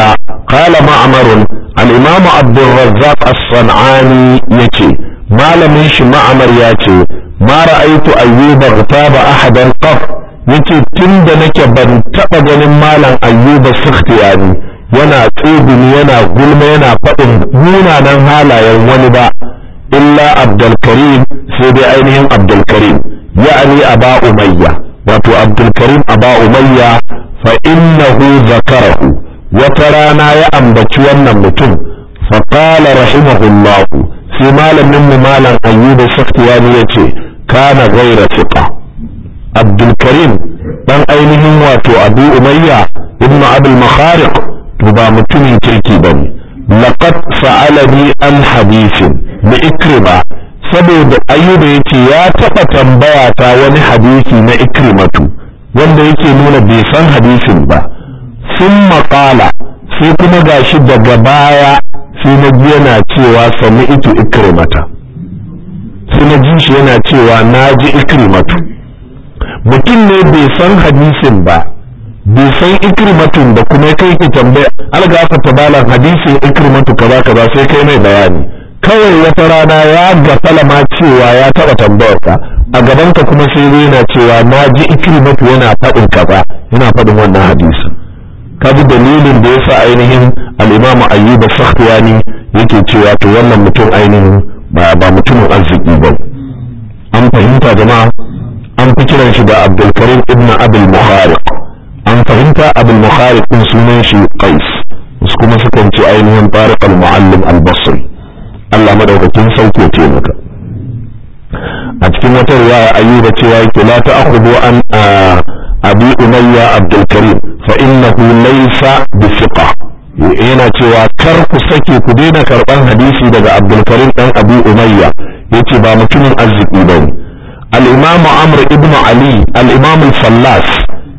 قال معمر الإمام عبد الرزاق الصنعاني يتي ما لم يش معمر ياتي ما رأيت أيوب اغتاب أحدا قط yace tun da nake ban taɓa ganin malam ayyuba sakhtiyani yana tsibini yana gulma yana faɗin munanan halayen wani ba illa abdulkarim sai dai ainihin abdulkarim ya'ani aba umayya wato abdulkarim aba umayya fa innahu zakarahu wata rana ya ambaci wannan mutum fa qala rahimahullah sai malamin mu malam ayyuba sakhtiyani yace kana gaira abdulkarim dan ainihin wato abu umayya ibn abul makhariq to ba mutumin kirki ba ne laqad sa'alani an hadisin bi ikrima saboda ayyuba yace ya taɓa tambaya ta wani hadisi na ikrimatu wanda yake nuna bai san hadisin ba sun maƙala sai kuma gashi daga baya sai na ji yana cewa sami itu ikrimata sai na ji shi yana cewa na ji ikrimatu mutum ne bai san hadisin ba bai san ikrimatun da kuma kai ki tambaya algafa ta balan hadisin ikrimatu kaza kaza sai kai mai bayani kawai wata rana ya gafala ma cewa ya taba tambayar ka a gaban ka kuma sai na cewa na ji ikrimatu yana faɗin kaza yana faɗin wannan hadisin ji dalilin da yasa ainihin al-Imam Ayyub as-Sakhtiyani yake cewa to wannan mutum ainihin ba ba mutumin arziki ba an fahimta jama'a an fi kiran shi da abdulkarim ibn abul muharik an fahimta abul muharik din sunan shi qais wasu kuma sukan ce ainihin tariq al muallim al basri Allah madaukakin sauke ce maka a cikin wata riwaya ayyuba cewa yake la ta'khudhu an abi umayya abdulkarim fa innahu laysa bi thiqah yana cewa kar ku sake ku daina karban hadisi daga abdulkarim dan abu umayya yace ba mutumin arziki bane al-imamu amr ibn ali al fallas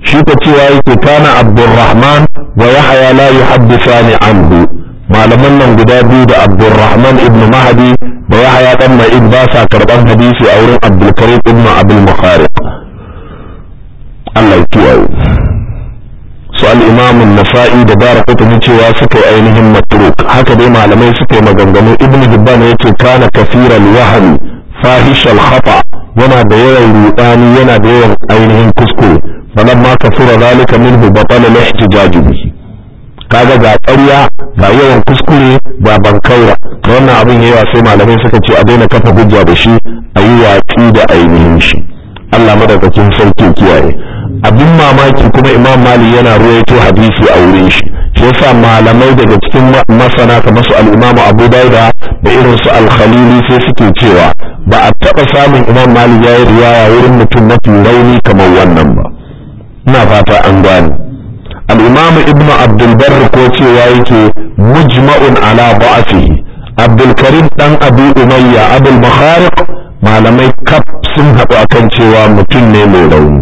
shi ko cewa yake kana abdurrahman wa layu la yuhaddithani anhu malaman nan guda biyu da abdurrahman ibn mahdi da yahya dan ma'id ba sa karban hadisi a wurin abdulkarim ibn abul mukhariq Allah ya su al'imamun nasa'i da bara kutubi cewa suka yi ainihin matruk haka dai malamai suka yi maganganu ibn hibban ya ce kana kafiral wahami fahishal khata yana da yawan rudani yana da yawan ainihin kuskure sanan ma ka min zalika minhu batala lihtijaju bihi kaga ga ƙarya ga yawan kuskure ga bankaura to wannan abin yayi sai malamai suka ce a daina kafa hujja da shi a yi watsi da ainihin shi Allah madaukakin sarki kiyaye abin mamaki kuma imam mali yana ruwaito hadisi a wurin shi shi sa malamai daga cikin masana kamar su al-imamu abu dauda da irin su al-khalili sai suke cewa ba a taɓa samun imam malik ya yi riwaya wurin mutum mafi rauni kamar wannan ba ina fata an gane al'imamu ibnu abdulbar ko cewa yake mujma'un ala ba'afihi abdulkarim dan abu umayya abul makhariq malamai kaf sun haɗu akan cewa mutum ne mai rauni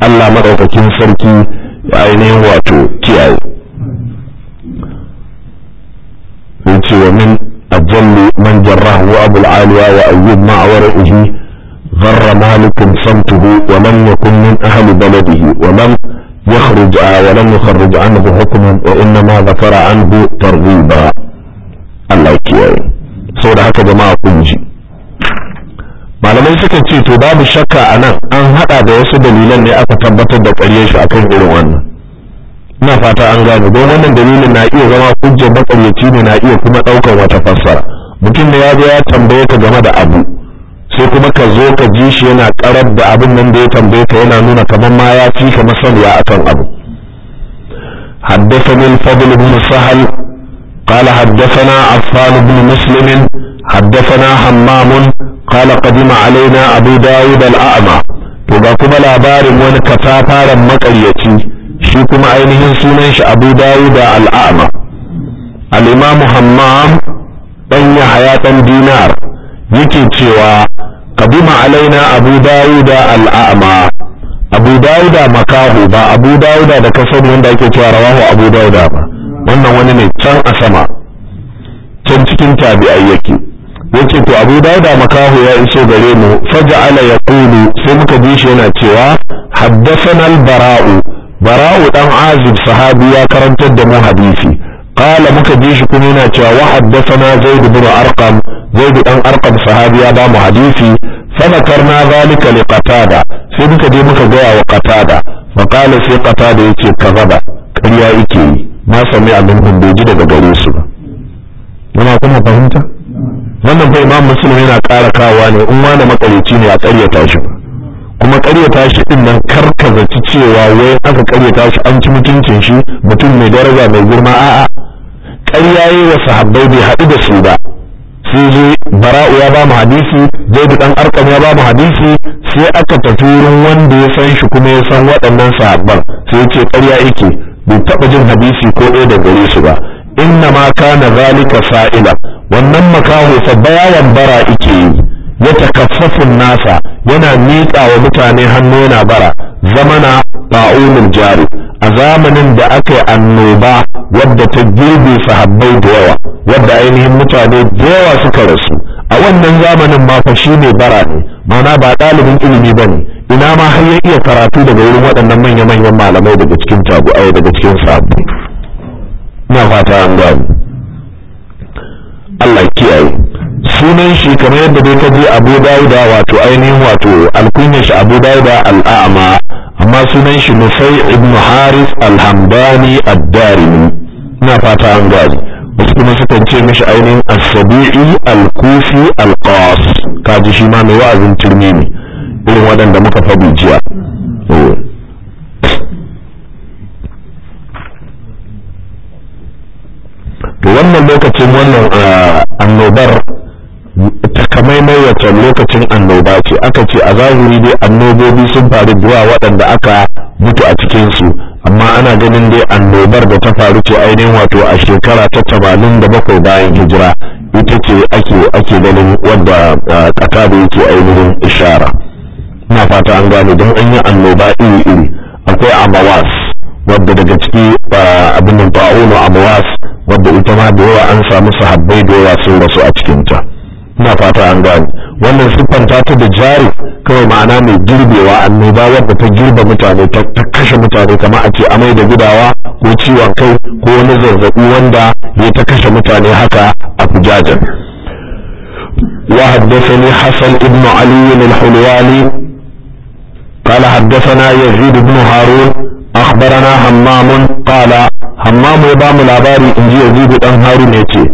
allah maɗaukakin sarki ainihin wato kiyaye ce wa جل من جره أبو العالية وأيوب مع ورعه غر مالك صمته ولم يكن من أهل بلده ولم يخرج ولم يخرج عنه حكما وإنما ذكر عنه ترغيبا الله يكيه saboda haka jama'a kun ji malamai suka ce to babu shakka a nan an haɗa da wasu dalilan ne aka tabbatar da ƙaryar shi akan irin wannan ina fata an gane don wannan dalilin na iya zama hujjar makaryaci ne na iya kuma ɗaukar wata fassara mutum ne ya zo ya tambaye ka game da abu sai kuma ka zo ka ji shi yana karar da abin nan da ya tambaye ka yana nuna kamar ma ya fi ka masaniya akan abu حدثني الفضل بن سهل قال حدثنا عفان بن مسلم حدثنا حمام قال قدم علينا أبو داود الأعمى وقال كما لابار من كتافارا مكريتي shi kuma ainihin sunan shi abu da al'ama al'imamu hammam ɗan yahaya ɗan dinar yake cewa Kabima alaina abu da al'ama abu da makahu ba abu dawuda da kasar wanda ake cewa rawahu abu dawuda ba wannan wani ne can a sama can cikin tabi'ai yake yake to abu da makahu ya iso gare mu faja'ala yaqulu sai muka ji shi yana cewa haddathana al-bara'u bara'u dan azib sahabi ya karantar da mu hadisi qala muka ji shi kuma yana cewa wa haddathana zaid ibn arqam zaid dan arqam sahabi ya ba mu hadisi fadakarna zalika li qatada sai muka je muka gaya wa qatada fa qala sai qatada yace kazaba ƙarya yake yi na sami abin ji daga gare su ba yana kuma fahimta wannan fa imam muslim yana ƙara kawa ne in wani makalici ne a ƙaryata shi ba kuma karyata shi din nan karka zaci cewa wai aka karyata shi an ci mutuncin shi mutum mai daraja mai girma a'a ƙarya yi wa sahabbai bai haɗu da su ba sai bara'u ya ba mu hadisi bi ɗan arkam ya ba mu hadisi sai aka tafi wurin wanda ya san shi kuma ya san waɗannan sahabban sai ya ce karya yake bai taɓa jin hadisi ko ɗaya da gare su ba inna ma kana zalika sa'ila wannan makaho fa bayan bara yake yi ya takaffafun nasa yana miƙa wa mutane hannu yana bara zamana ba'unin jari a zamanin da aka yi annoba wadda ta girbe sahabbai da yawa wadda ainihin mutane da yawa suka rasu a wannan zamanin ma fa shine bara ne mana ba ɗalibin ilimi ba ne ina ma har ya iya karatu daga wurin waɗannan manya-manyan malamai daga cikin tabi'ai daga cikin sahabbai ina fata an gani Allah kiyaye sunan shi kamar yadda dai je ji abu dauda wato ainihin wato alkunyar shi abu dauda al'ama amma sunan shi nufai ibn haris alhambani addarimi na fata an gani wasu kuma sukan ce mishi ainihin asabi'i alkufi alqas kaji shi ma mai wa'azin turmi ne irin waɗanda muka faɗi jiya eh. wannan lokacin wannan ah, annobar takamaimai wacan lokacin annoba ce aka ce a zahiri dai annobobi sun faru zuwa waɗanda aka mutu a cikinsu amma ana ganin dai annobar da ta faru ce ainihin wato a shekara ta tamanin da bakwai bayan hijira ita ce ake ganin wadda kata da yake ainihin ishara ina fata an gane don an yi annoba iri iri akwai amawas wadda daga ciki abin da ta'unu amawas wadda ita ma da yawa an samu sahabbai da yawa sun rasu a cikinta na fata an gane wannan siffanta ta da jari kawai ma'ana mai girbewa annoba wadda ta girbe mutane ta kashe mutane kamar a ce amai da gudawa ko ciwon kai ko wani zazzabi wanda ya ta kashe mutane haka a fujajen وحدثني حسن بن علي الحلواني قال حدثنا يزيد بن هارون أخبرنا همام قال همام يبام العباري إن يزيد بن هارون يتي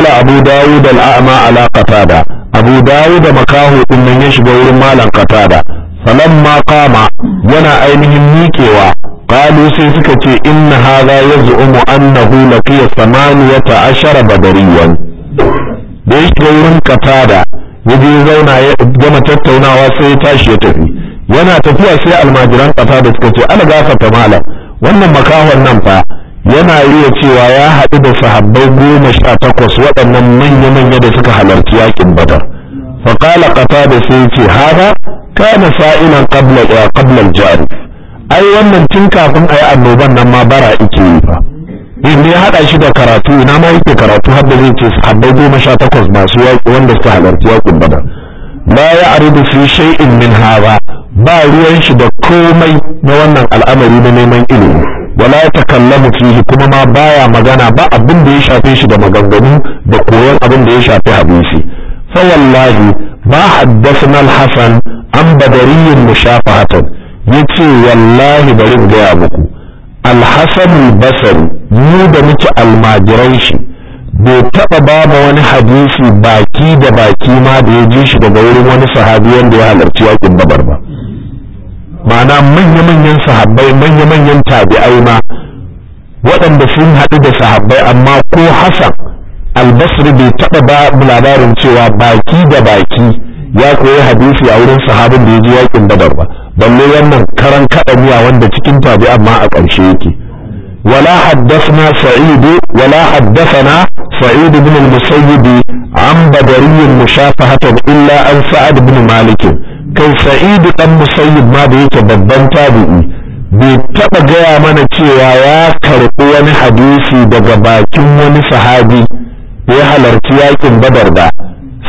dakala abu dawud al'ama ala qatada abu dawud da makaho din ya shiga wurin malam qatada falamma qama yana ainihin mikewa qalu sai suka ce inna hadha yaz'umu annahu laqiya samaniyata ashara badariyan da ya shiga wurin qatada ya je zauna gama tattaunawa sai ya tashi ya tafi yana tafiya sai almajiran qatada suka ce ala gafata malam wannan makahon nan fa yana iya cewa ya haɗu da sahabbai goma sha takwas waɗannan manya-manya da suka halarci yakin badar faƙala ƙasa da sai ce hada kana sa'inan qabla ya eh, qabla jari ai wannan tun kafin a yi annoban nan ma bara ike yi fa in ya haɗa shi da karatu ina ma yake karatu har da zai ce sahabbai goma sha takwas masu yaƙi wanda suka halarci yakin badar la ya'ridu fi shay'in min hada ba ruwan shi da komai na wannan al'amari na neman ilimi wala ta kallamu fihi kuma ma baya magana ba abin da ya shafe shi da maganganu da koyon abin da ya shafi hadisi fa wallahi ba haddathna al-hasan an badariyyin mushafahatan yace wallahi bari in gaya muku al-hasan al-basri mu da muke almajiran shi bai taba ba wani hadisi baki da baki ma da ya ji shi daga wurin wani sahabi wanda ya halarci yakin babar ba ma'ana manya-manyan sahabbai manya-manyan tabi'ai ma waɗanda sun haɗu da sahabbai amma ko hasan albasri bai taɓa ba labarin cewa baki da baki ya koyi hadisi a wurin sahabin da ya ji yakin badar ba balle wannan karan kaɗa miya wanda cikin tabi'an ma a ƙarshe yake ولا حدثنا سعيد ولا حدثنا سعيد بن المسيب عن بدري مشافهة إلا أن سعد بن مالك كي سعيد بن مسيب ما بيك ببن تابعي bai taɓa gaya mana cewa ya karɓi wani hadisi daga bakin wani sahabi ya halarci yakin badar da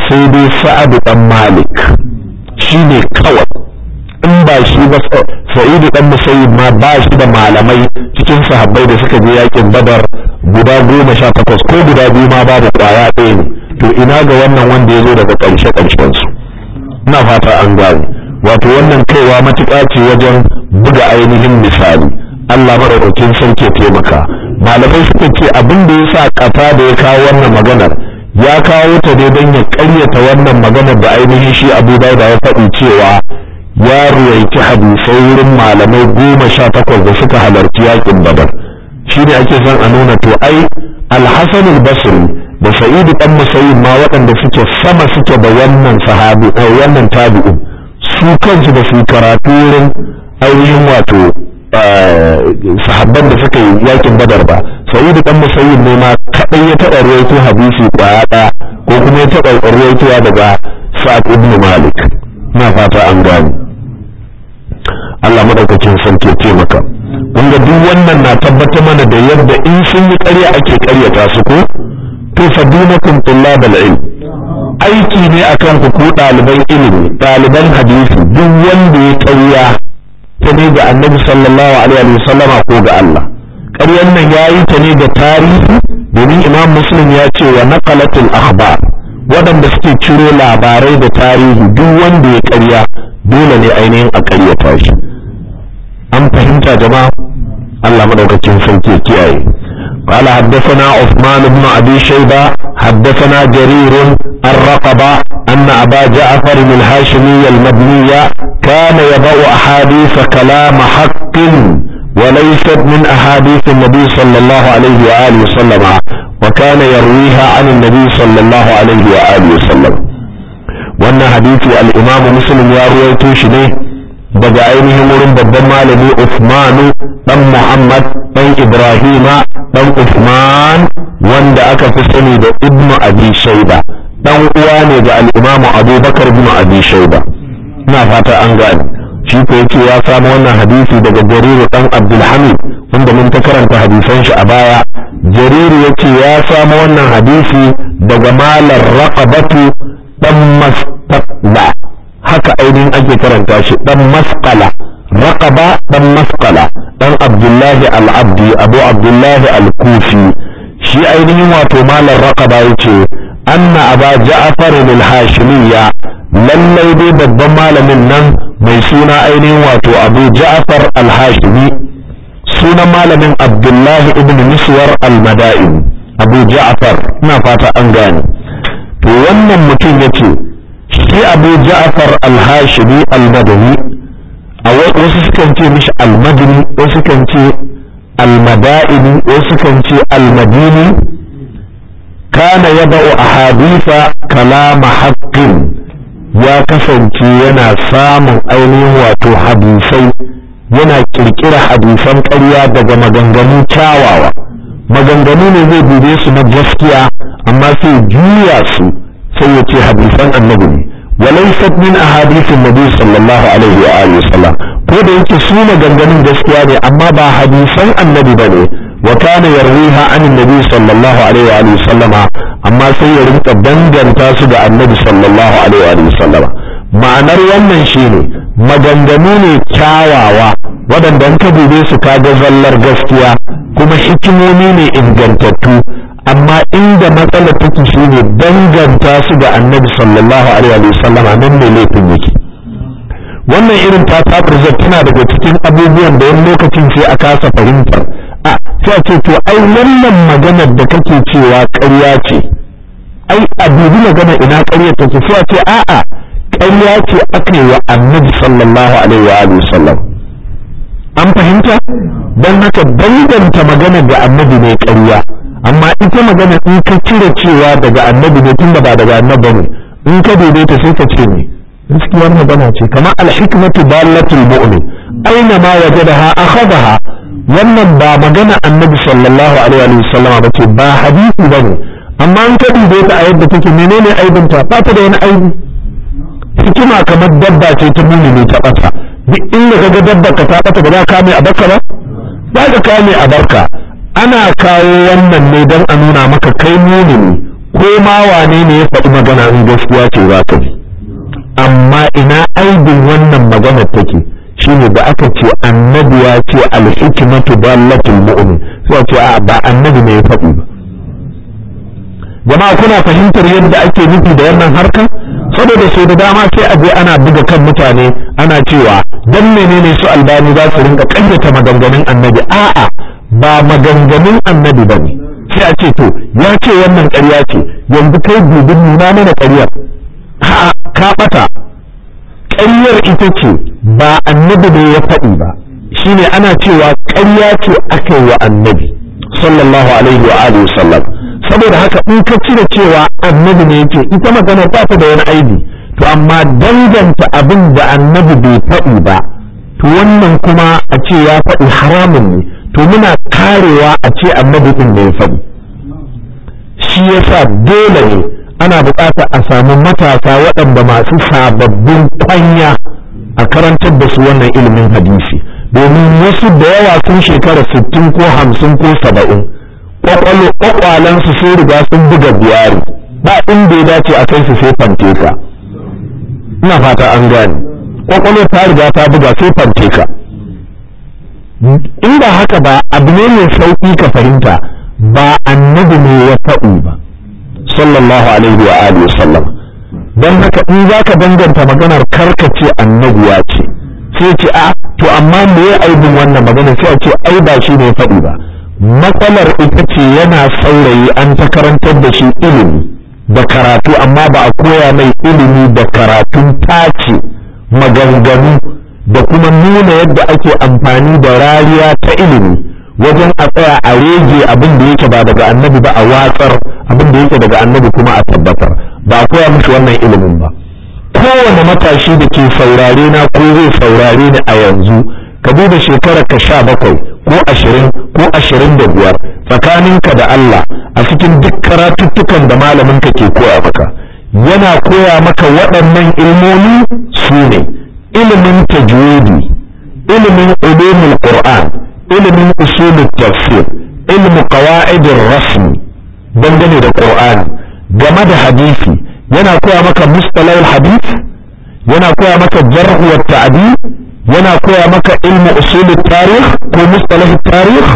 sai dai sa'adu ɗan malik shi ne kawai ba shi ba sa'idu dan musayyib ma ba shi da malamai cikin sahabbai da suka je yakin badar guda goma sha takwas ko guda biyu ma babu kwaya ɗaya ne to ina ga wannan wanda ya zo daga ƙarshe ƙarshen su ina fata an gane wato wannan kaiwa matuƙa ce wajen buga ainihin misali Allah maraukakin ke taimaka malamai suka ce abin da ya sa ƙasa da ya kawo wannan maganar ya kawo ta ne don ya ƙaryata wannan maganar da ainihin shi abu da ya faɗi cewa ya ruwaici hadisai wurin malamai goma sha takwas da suka halarci yakin badar shi ne ake son a nuna to ai alhassan albasri da sa'idu dan musayyib ma waɗanda suke sama suke da wannan sahabi a eh, wannan tabi'in su kansu da su karatu wurin ainihin wato eh, sahabban da suka yi yakin badar ba sa'idu dan musayyib ne ma kaɗai ya taɓa ruwaito hadisi ɗaya ɗaya ko kuma ya taɓa ruwaitowa daga sa'ad ibn malik na fata an gani Allah madaukakin sarki ke taimaka kun ga duk wannan na tabbatar mana da yadda in sun yi ƙarya ake ƙaryata su ko to fadilakum tullab al-ilm aiki ne akan ku ku ɗaliban ilimi ɗaliban hadisi duk wanda ya ƙarya ta ne ga annabi sallallahu alaihi wa sallama ko ga Allah ƙaryan nan yayi ta ne ga tarihi domin imam muslim ya ce wa naqalatul akhbar waɗanda suke ciro labarai da tarihi duk wanda ya ƙarya dole ne ainihin a ƙaryata shi an fahimta jama'a Allah madaukakin sarki kiyaye قال حدثنا عثمان بن أبي شيبة حدثنا جرير الرقبة أن أبا جعفر الهاشمي المدنية كان يضع أحاديث كلام حق وليست من أحاديث النبي صلى الله عليه وآله وسلم وكان يرويها عن النبي صلى الله عليه وآله وسلم وأن حديث الإمام مسلم يا رويته شنيه daga ainihin wurin babban malami Usmanu dan Muhammad dan Ibrahima dan Usman wanda aka fi sani da Ibnu Abi Shayba dan uwa ne ga al-Imam Abu Bakar ibn Abi Shayba ina fata an gane shi ko yake ya samu wannan hadisi daga Jarir dan Abdul Hamid wanda mun ta karanta hadisan shi a baya Jarir yake ya samu wannan hadisi daga Malar Raqabatu dan Mustaqbal haka ainihin ake karanta shi dan masqala raqaba dan masqala dan abdullahi al-abdi abu abdullahi al-kufi shi ainihin wato malar raqaba yace anna aba ja'far al-hashimiyya lallai dai babban malamin nan mai suna ainihin wato abu ja'far al-hashimi sunan malamin abdullahi ibn miswar al-mada'in abu ja'far ina fata an gane to wannan mutum yace shi abu ja'far al-hashimi a wasu sukan ce mishi al wasu kan ce almada'ini wasu kan ce al-madini kana a ahaditha kalama haqqin ya kasance yana samun ainihin wato hadisai yana kirkira hadisan ƙarya daga maganganu kyawawa maganganu ne zai dube su na gaskiya amma sai juya su sai ya ce hadisan annabi ne walaysat a ahadithin nabi sallallahu ko da yake su maganganun gaskiya ne amma ba hadisan annabi ne wa kana yarwiha an annabi sallallahu alaihi wa alihi amma sai ya rinka danganta su da annabi sallallahu alaihi wa ma'anar wannan shine maganganu ne kyawawa waɗanda ka dube su kaga zallar gaskiya kuma hikimomi ne ingantattu amma inda matsalar take shi ne danganta su ga annabi sallallahu alaihi wa sallam nan ne laifin yake wannan irin ta tabirza tana daga cikin abubuwan da wani lokacin sai a kasa fahimtar a sai ce to ai wannan maganar da kake cewa ƙarya ce ai a dubi magana ina ƙarya ce sai ce a'a ƙarya ce aka yi wa annabi sallallahu alaihi wa sallam an fahimta don haka danganta maganar da annabi ne ƙarya amma ita magana in ka cire cewa daga annabi ne tunda ba daga annabi ne in ka daidaita sai ka ce ne wani magana ce kamar alhikmatu dalatul mu'min aina ma wajadaha akhadaha wannan ba magana annabi sallallahu alaihi wa sallama ba ce ba hadisi bane amma in ka daidaita a yadda take menene aibinta ba ta da wani aibi hikima kamar dabba ce ta ne ta bata duk inda kaga dabba ka ta bata ba za ka kame a barka ba za ka kame a barka ana kawo wannan ne don a nuna maka kai ne ko ma wane ne ya faɗi magana in gaskiya ce za ka bi amma ina aibin wannan magana take ne da aka ce annabi ya ce latin dallatul mu'min sai ce a ba annabi ne ya faɗi ba jama'a kuna fahimtar yadda ake nufi da wannan harkar saboda su da dama sai a je ana buga kan mutane ana cewa dan menene su albani za su rinka kayyata maganganun annabi a'a ba maganganun annabi ba ne sai a ce to ya ce wannan ƙarya ce yanzu kai dubin nuna mana ƙaryar a'a ka ɓata ƙaryar ita ce ba annabi ne ya faɗi ba shine ana cewa ƙarya ce aka yi wa annabi sallallahu alaihi wa alihi wasallam saboda haka in ka cire cewa annabi ne yake ita magana ba ta da wani aibi to amma danganta abin da annabi bai faɗi ba to wannan kuma a ce ya faɗi haramun ne to muna karewa a ce annabi ɗin da ya faɗi shi yasa dole ne ana buƙata a samu matasa waɗanda masu sababbin kwanya a karantar da su wannan ilimin hadisi domin wasu da yawa sun shekara sittin ko hamsin ko saba'in su sun riga sun buga biyari ba inda ya dace a kai su sai fante ka ina fata an gane kwakwalo ta riga ta buga sai ka in ba haka ba abu ne mai sauƙi ka fahimta ba annabi ne ya faɗi ba sallallahu alaihi wa alihi wasallam don haka in za ka danganta maganar karkace annabi ya ce sai ce a ah, to amma me ya aibin wannan magana sai a ce ai ba shi ne ya faɗi ba matsalar ita ce yana saurayi an ta karantar da shi ilimi da karatu amma ba a koya mai ilimi da karatun tace maganganu da kuma nuna yadda ake amfani da rariya ta ilimi wajen a tsaya a rege abin da yake ba daga annabi ba a watsar abin da yake daga annabi kuma a tabbatar ba a koya musu wannan ilimin ba kowane matashi da ke saurare na ko zai saurare ni a yanzu ka duba shekara ka sha bakwai ko ashirin ko ashirin da biyar tsakaninka da Allah a cikin duk karatuttukan da malaminka ke koya maka yana koya maka waɗannan ilmomi su ne ilimin tajwidi ilimin ulumul qur'an ilimin usulut tafsir ilimin qawaidir rasmi dangane da qur'ani game da hadisi yana koya maka mustalahul hadith yana koya maka jarh wa ta'dil yana koya maka ilmu usul tarih ko mustalah tarih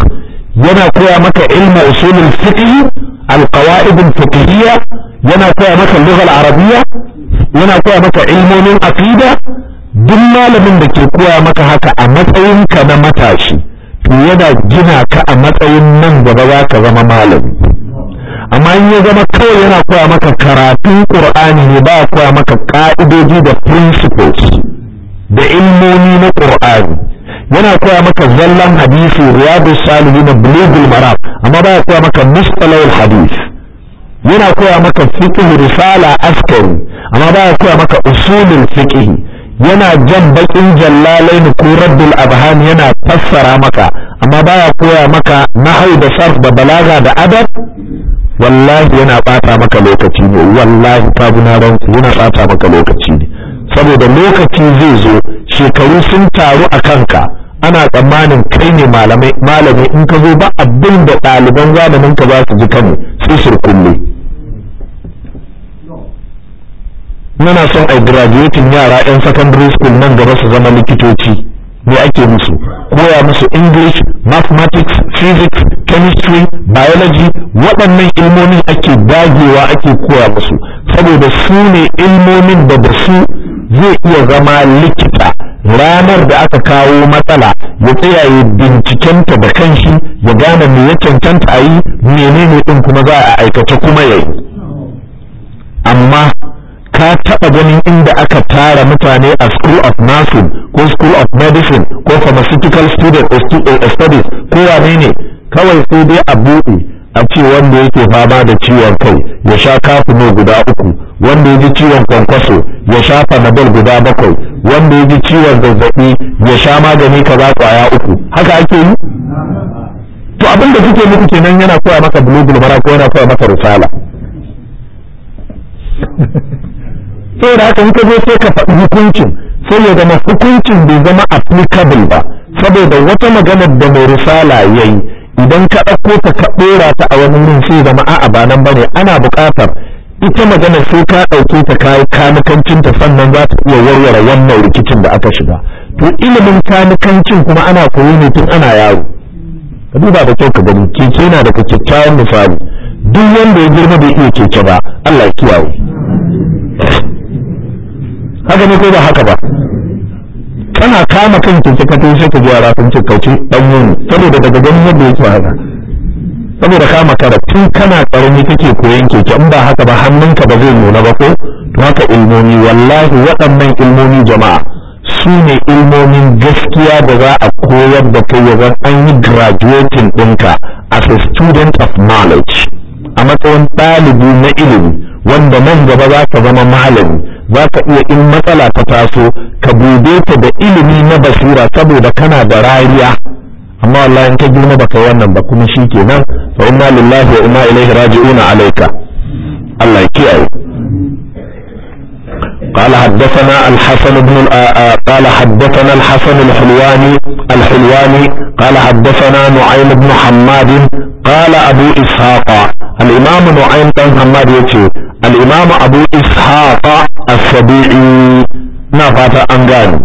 yana koya maka ilmu usul fiqh al qawaid al fiqhiyya yana koya maka lugha al arabiyya yana koya maka ilmomin aqida duk malamin da ke koya maka haka a matsayinka na matashi to yana gina ka a matsayin nan gaba za ka zama malami amma in ya zama kawai yana koya maka karatun ƙur'ani ne ba koya maka ƙa'idodi da principles da ilmomi na ƙur'ani yana koya maka zallan hadisi riyadu na bulughul maram amma ba koya maka mustalahul hadith yana koya maka fiqh risala askari amma ba koya maka usulul fiqh yana jan bakin jallalain ko raddul abhan yana fassara maka amma ba koya maka nahau da sarf da balaga da adab wallahi yana bata maka lokaci ne wallahi ta ran ku yana bata maka lokaci ne saboda lokaci zai zo shekaru sun taru a kanka ana tsammanin kai ne malami in ka zo ba abin da ɗaliban zamanin ka za su ji kano sai surkulle nana son a graduating yara 'yan secondary school nan gaba su zama likitoci me ake musu koya musu english mathematics physics chemistry biology waɗannan ilmomin ake dagewa ake koya musu saboda su ne ilmomin da da su zai iya zama likita ranar da aka kawo matsala ya tsayaye bincikenta da kanshi ya gane me ya cancanta a yi menene ɗin kuma za a aikace kuma ya yi amma ka taɓa ganin inda aka tara mutane a school of nursing ko school of medicine ko pharmaceutical student eh, studies ko wane ne kawai sai dai a buɗe a ce wanda yake fama da ciwon kai ya sha kafino guda uku wanda ya ciwon kwankwaso ya sha fanadol guda bakwai wanda ya ciwon zazzabi ya sha magani kaza kwaya uku haka ake yi to abin da kuke muku kenan yana koya maka bulugul mara ko yana koya maka risala *laughs* saboda haka in ka zo sai ka faɗi hukuncin sai ya zama hukuncin bai zama applicable ba saboda wata maganar da mai risala ya yi idan ka ɗauko ta ka ta a wani wurin sai zama a'a ba nan bane ana buƙatar ita magana sai ka ɗauke ta kayi kamukancin ta sannan za ta iya warware wannan rikicin da aka shiga to ilimin kamukancin kuma ana koyo ne tun ana yaro ka duba da kyau ka gani keke na daga kyakkyawan misali duk wanda ya girma bai iya keke ba Allah ya kiyaye haka ne ko ba haka ba kana kama kan kinki ka tafi ka gyara sun ce kauce dan mun saboda daga ganin yadda yake haka saboda kama kara tun kana karami kake koyon keke in ba haka ba hannunka ba zai nuna ba ko to haka ilmomi wallahi waɗannan ilmomi jama'a su ne ilmomin gaskiya da za a koyar da kai ya an yi graduating ɗinka as a student of knowledge a matsayin ɗalibi na ilimi wanda nan gaba za ka zama malami za ka iya in matsala ta taso ka dube ta da ilimi na basira saboda kana da rariya amma wallahi in ka girma baka wannan ba kuma shi fa inna lillahi wa inna ilaihi raji'un alayka Allah ya kiyaye قال حدثنا الحسن بن قال حدثنا الحسن الحلواني الحلواني قال حدثنا نعيم بن حماد قال أبو إسحاق الإمام نعيم بن حماد يتي shabi'i na fata an gani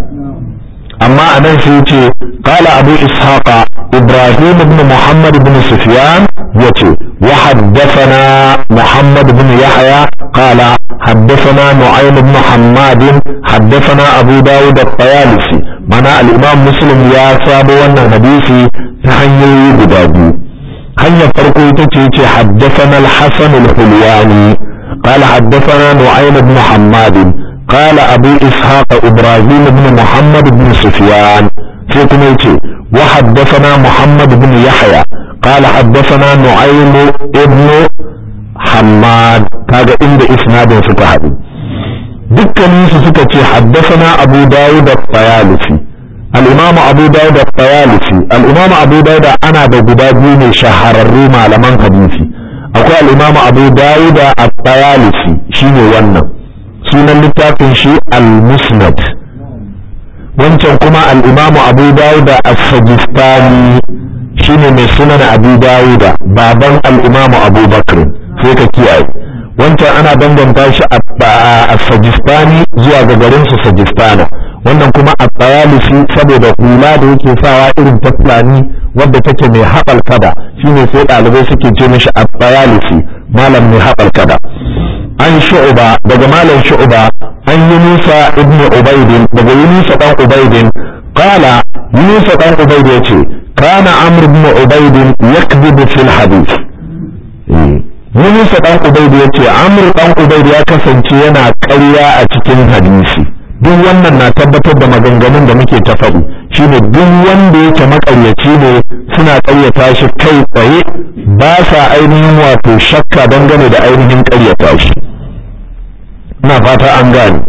amma anan nan sai ce kala abu ishaqa ibrahim ibn muhammad ibn sufyan yace wa haddathana muhammad ibn yahya qala haddathana nu'aym ibn hammad haddathana abu dawud at-tayalisi mana al-imam muslim ya sabo wannan hadisi ta hanyoyi guda biyu hanyar farko ita ce ce haddathana al-hasan al hulwani قال حدثنا نعيم بن حماد قال أبو إسحاق إبراهيم بن محمد بن سفيان في كميتي وحدثنا محمد بن يحيى قال حدثنا نعيم بن حماد هذا عند إسناد فتحدي دكني سكتي حدثنا أبو داود الطيالسي الإمام أبو داود الطيالسي الإمام أبو داود أنا بغداد شهر الروم على من حديثي akwai al'imamu abu dawuda a tsayalisi shine wannan sunan littafin shi al-musnad wancan kuma al'imamu abu dawuda a sajistani shine mai sunan abu dawuda baban al'imamu abu bakr sai ka kiyaye wancan ana danganta shi a sajistani zuwa ga garinsu sajistana wannan kuma a tsayalisi saboda hula da yake sawa irin ta fulani wadda take mai haɓal kada shine sai ɗalibai suke ce mishi a tsayalisi malam mai haɓar kada an shu'uba daga malam shu'uba an yi nisa Ibn ubaidin daga yi nisa ɗan ubaidin qala yi nisa ɗan ubaidin ya ce kana amr ibn ubaidin yakdibu fil hadis eh, yi nisa ɗan ubaidin ya ce amr ɗan ubaidin ya kasance yana ƙarya a cikin hadisi duk wannan na tabbatar da maganganun da muke ta faɗi shine duk wanda yake makaryaci ne suna ƙaryata shi kai tsaye ba sa ainihin wato shakka dangane da ainihin ƙaryata shi na fata an gane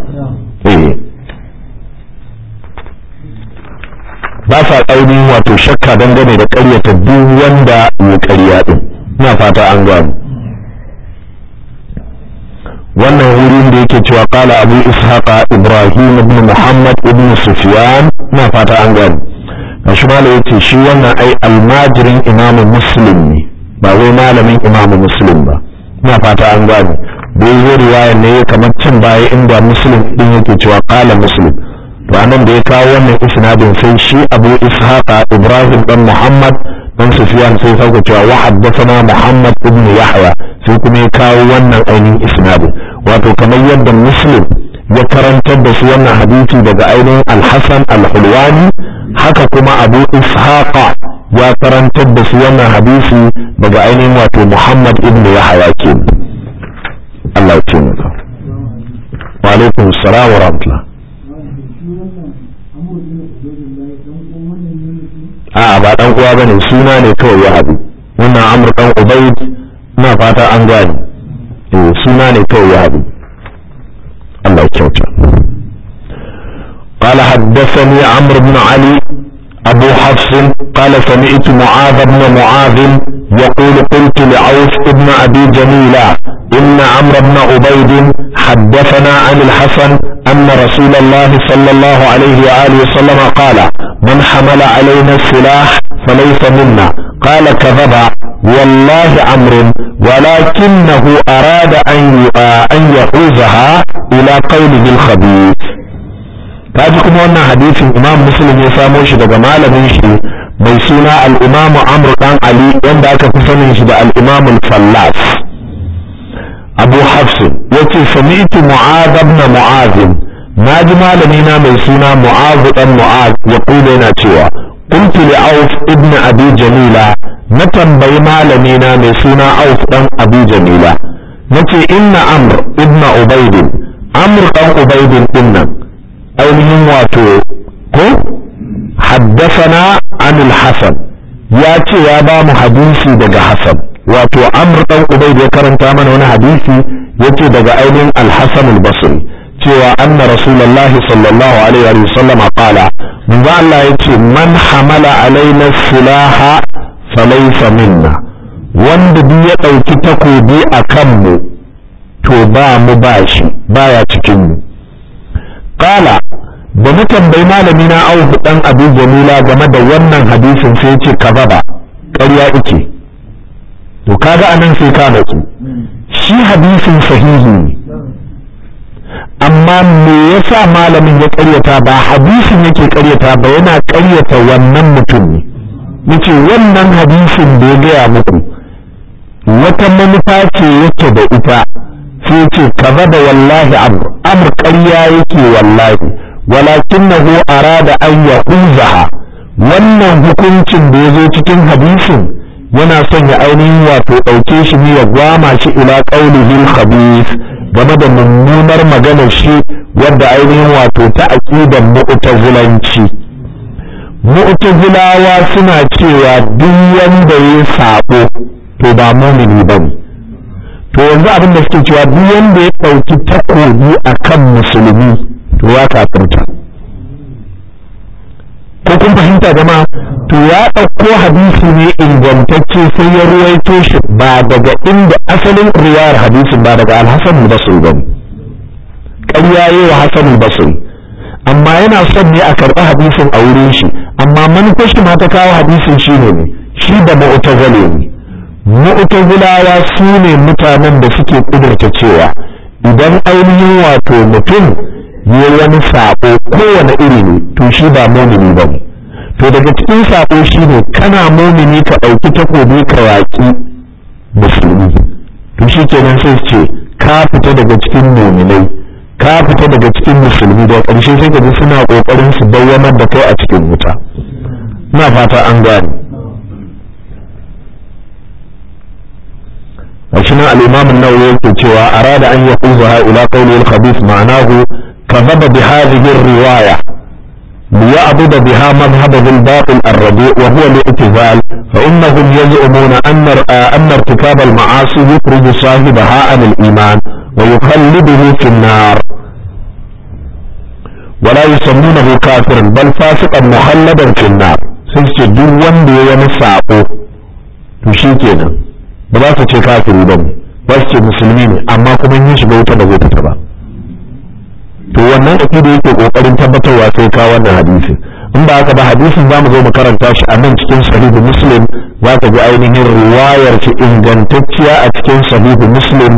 eh. ba sa ainihin wato shakka dangane da ƙaryata duk wanda ya ƙarya ɗin na fata an gane wannan wurin da yake cewa qala abu ishaqa ibrahim ibn muhammad ibn sufyan na fata an gani kashi malai yace shi wannan ai almajirin imam muslim ne ba wai malamin imam muslim ba na fata an gani dai zo riwaya ne kamar cin baya inda muslim din yake cewa kala muslim ranar da ya kawo wannan isnadin sai shi abu ishaqa ibrahim dan muhammad dan sufyan sai sauka cewa wa haddathana muhammad ibn yahya sai kuma ya kawo wannan ainihin isnadin wato kamar yadda muslim ya karantar da su wannan hadisi daga ainihin alhassan alhulwani haka kuma abu ishaqa ya karantar da su wannan hadisi daga ainihin wato muhammad ibn yahya ke Allah ya taimaka wa alaikum salam wa rahmatullah a'a ba dan uwa bane suna ne kawai ya haɗu wannan amur dan ubaid ina fata an gani wato suna ne kawai ya Allah ya kyauta قال حدثني عمرو بن علي أبو حفص قال سمعت معاذ بن معاذ يقول قلت لعوف بن أبي جميلة إن عمرو بن عبيد حدثنا عن الحسن أن رسول الله صلى الله عليه وآله وسلم قال من حمل علينا السلاح فليس منا قال كذب والله أمر ولكنه أراد أن أن يعوزها إلى قوله الخبيث kaji kuma wannan hadisin imam muslim ya samo shi daga malamin shi mai suna al-imam amr dan ali wanda aka fi sanin shi da al-imam al-fallas abu sami'tu mu'adh ibn na ji malami na mai suna mu'azu dan mu'az ya kula yana cewa kuntu li auf ibn abi jamila na tambayi malami na mai suna auf dan abi jamila nace inna amr ibn ubayd amr dan ubayd dinnan ainihin wato ko haddathana an al-hasan ya ce ya ba mu hadisi daga hasan wato amr dan ubayd ya karanta mana wani hadisi yace daga ainihin al-hasan al-basri cewa anna rasulullahi sallallahu alaihi wa sallam qala manzo Allah yace man hamala alaina silaha falaysa minna wanda duk ya dauki takobi akan mu to ba mu ba baya cikin mu qala da mu tambayi malami na auhu dan abu jamila game da wannan hadisin sai yace kazaba ƙarya ike to kaga anan sai ka natsu hmm. shi hadisin sahihi ne amma me yasa malamin ya karyata ba hadisin yake karyata ba yana karyata wannan mutum ne ce wannan hadisin da ya gaya muku wata manufa ce yake da ita sai ce kaza da wallahi amr amr karya yake wallahi walakinnahu arada an yahuzaha wannan hukuncin da yazo cikin hadisin yana son ya ainihin wato ɗauke shi ne ya gwama shi ila qaulihi khabith game da mummunar maganar shi wadda ainihin wato ta aƙidan mu'tazilanci mu'tazilawa suna cewa duk wanda ya sabo to ba mumini ba ne to yanzu abin da suke cewa duk wanda ya ɗauki takobi a kan musulmi to ya kafirta ko kun fahimta ma to ya ɗauko hadisi ne ingantacce sai ya ruwaito shi ba daga inda asalin riwayar hadisin ba daga alhassan basri ba yi wa hassan basri amma yana son ne a karɓi hadisin a wurin shi amma manufar shi ma ta kawo hadisin shi ne shi da mu'tazali ne mu'tazilawa su ne mutanen da suke ƙudurta cewa idan ainihin wato mutum ya wani sabo kowane iri ne to shi ba momini ba mu to daga cikin saƙo shi ne kana mumini ka ɗauki takobi ka yaƙi musulmi to shi kenan sai su ce ka fita daga cikin mominai ka fita daga cikin musulmi da ƙarshe sai ka ji suna ƙoƙarin su bayyana da kai a cikin wuta na fata an gane a shi nan al'imamin nawawi yake cewa arada an yaquza ila qawli al ma'anahu كذب بهذه الرواية ليعبد بها مذهب ذي الباطل الرديء وهو الاعتزال فإنهم يزعمون أن أن ارتكاب المعاصي يخرج صاحبها عن الإيمان ويخلده في النار ولا يسمونه كافرا بل فاسقا مخلدا في النار سيسجي دو وندي ونساقو تشيكينا بلا تشي كافر بس المسلمين أما كم يشبه تبغو تبغو to wannan da yake kokarin tabbatarwa sai ka wannan hadisin in ba haka ba hadisin za mu zo mu karanta shi a nan cikin sahihu muslim za ka ji ainihin riwayar shi ingantacciya a cikin sahihu muslim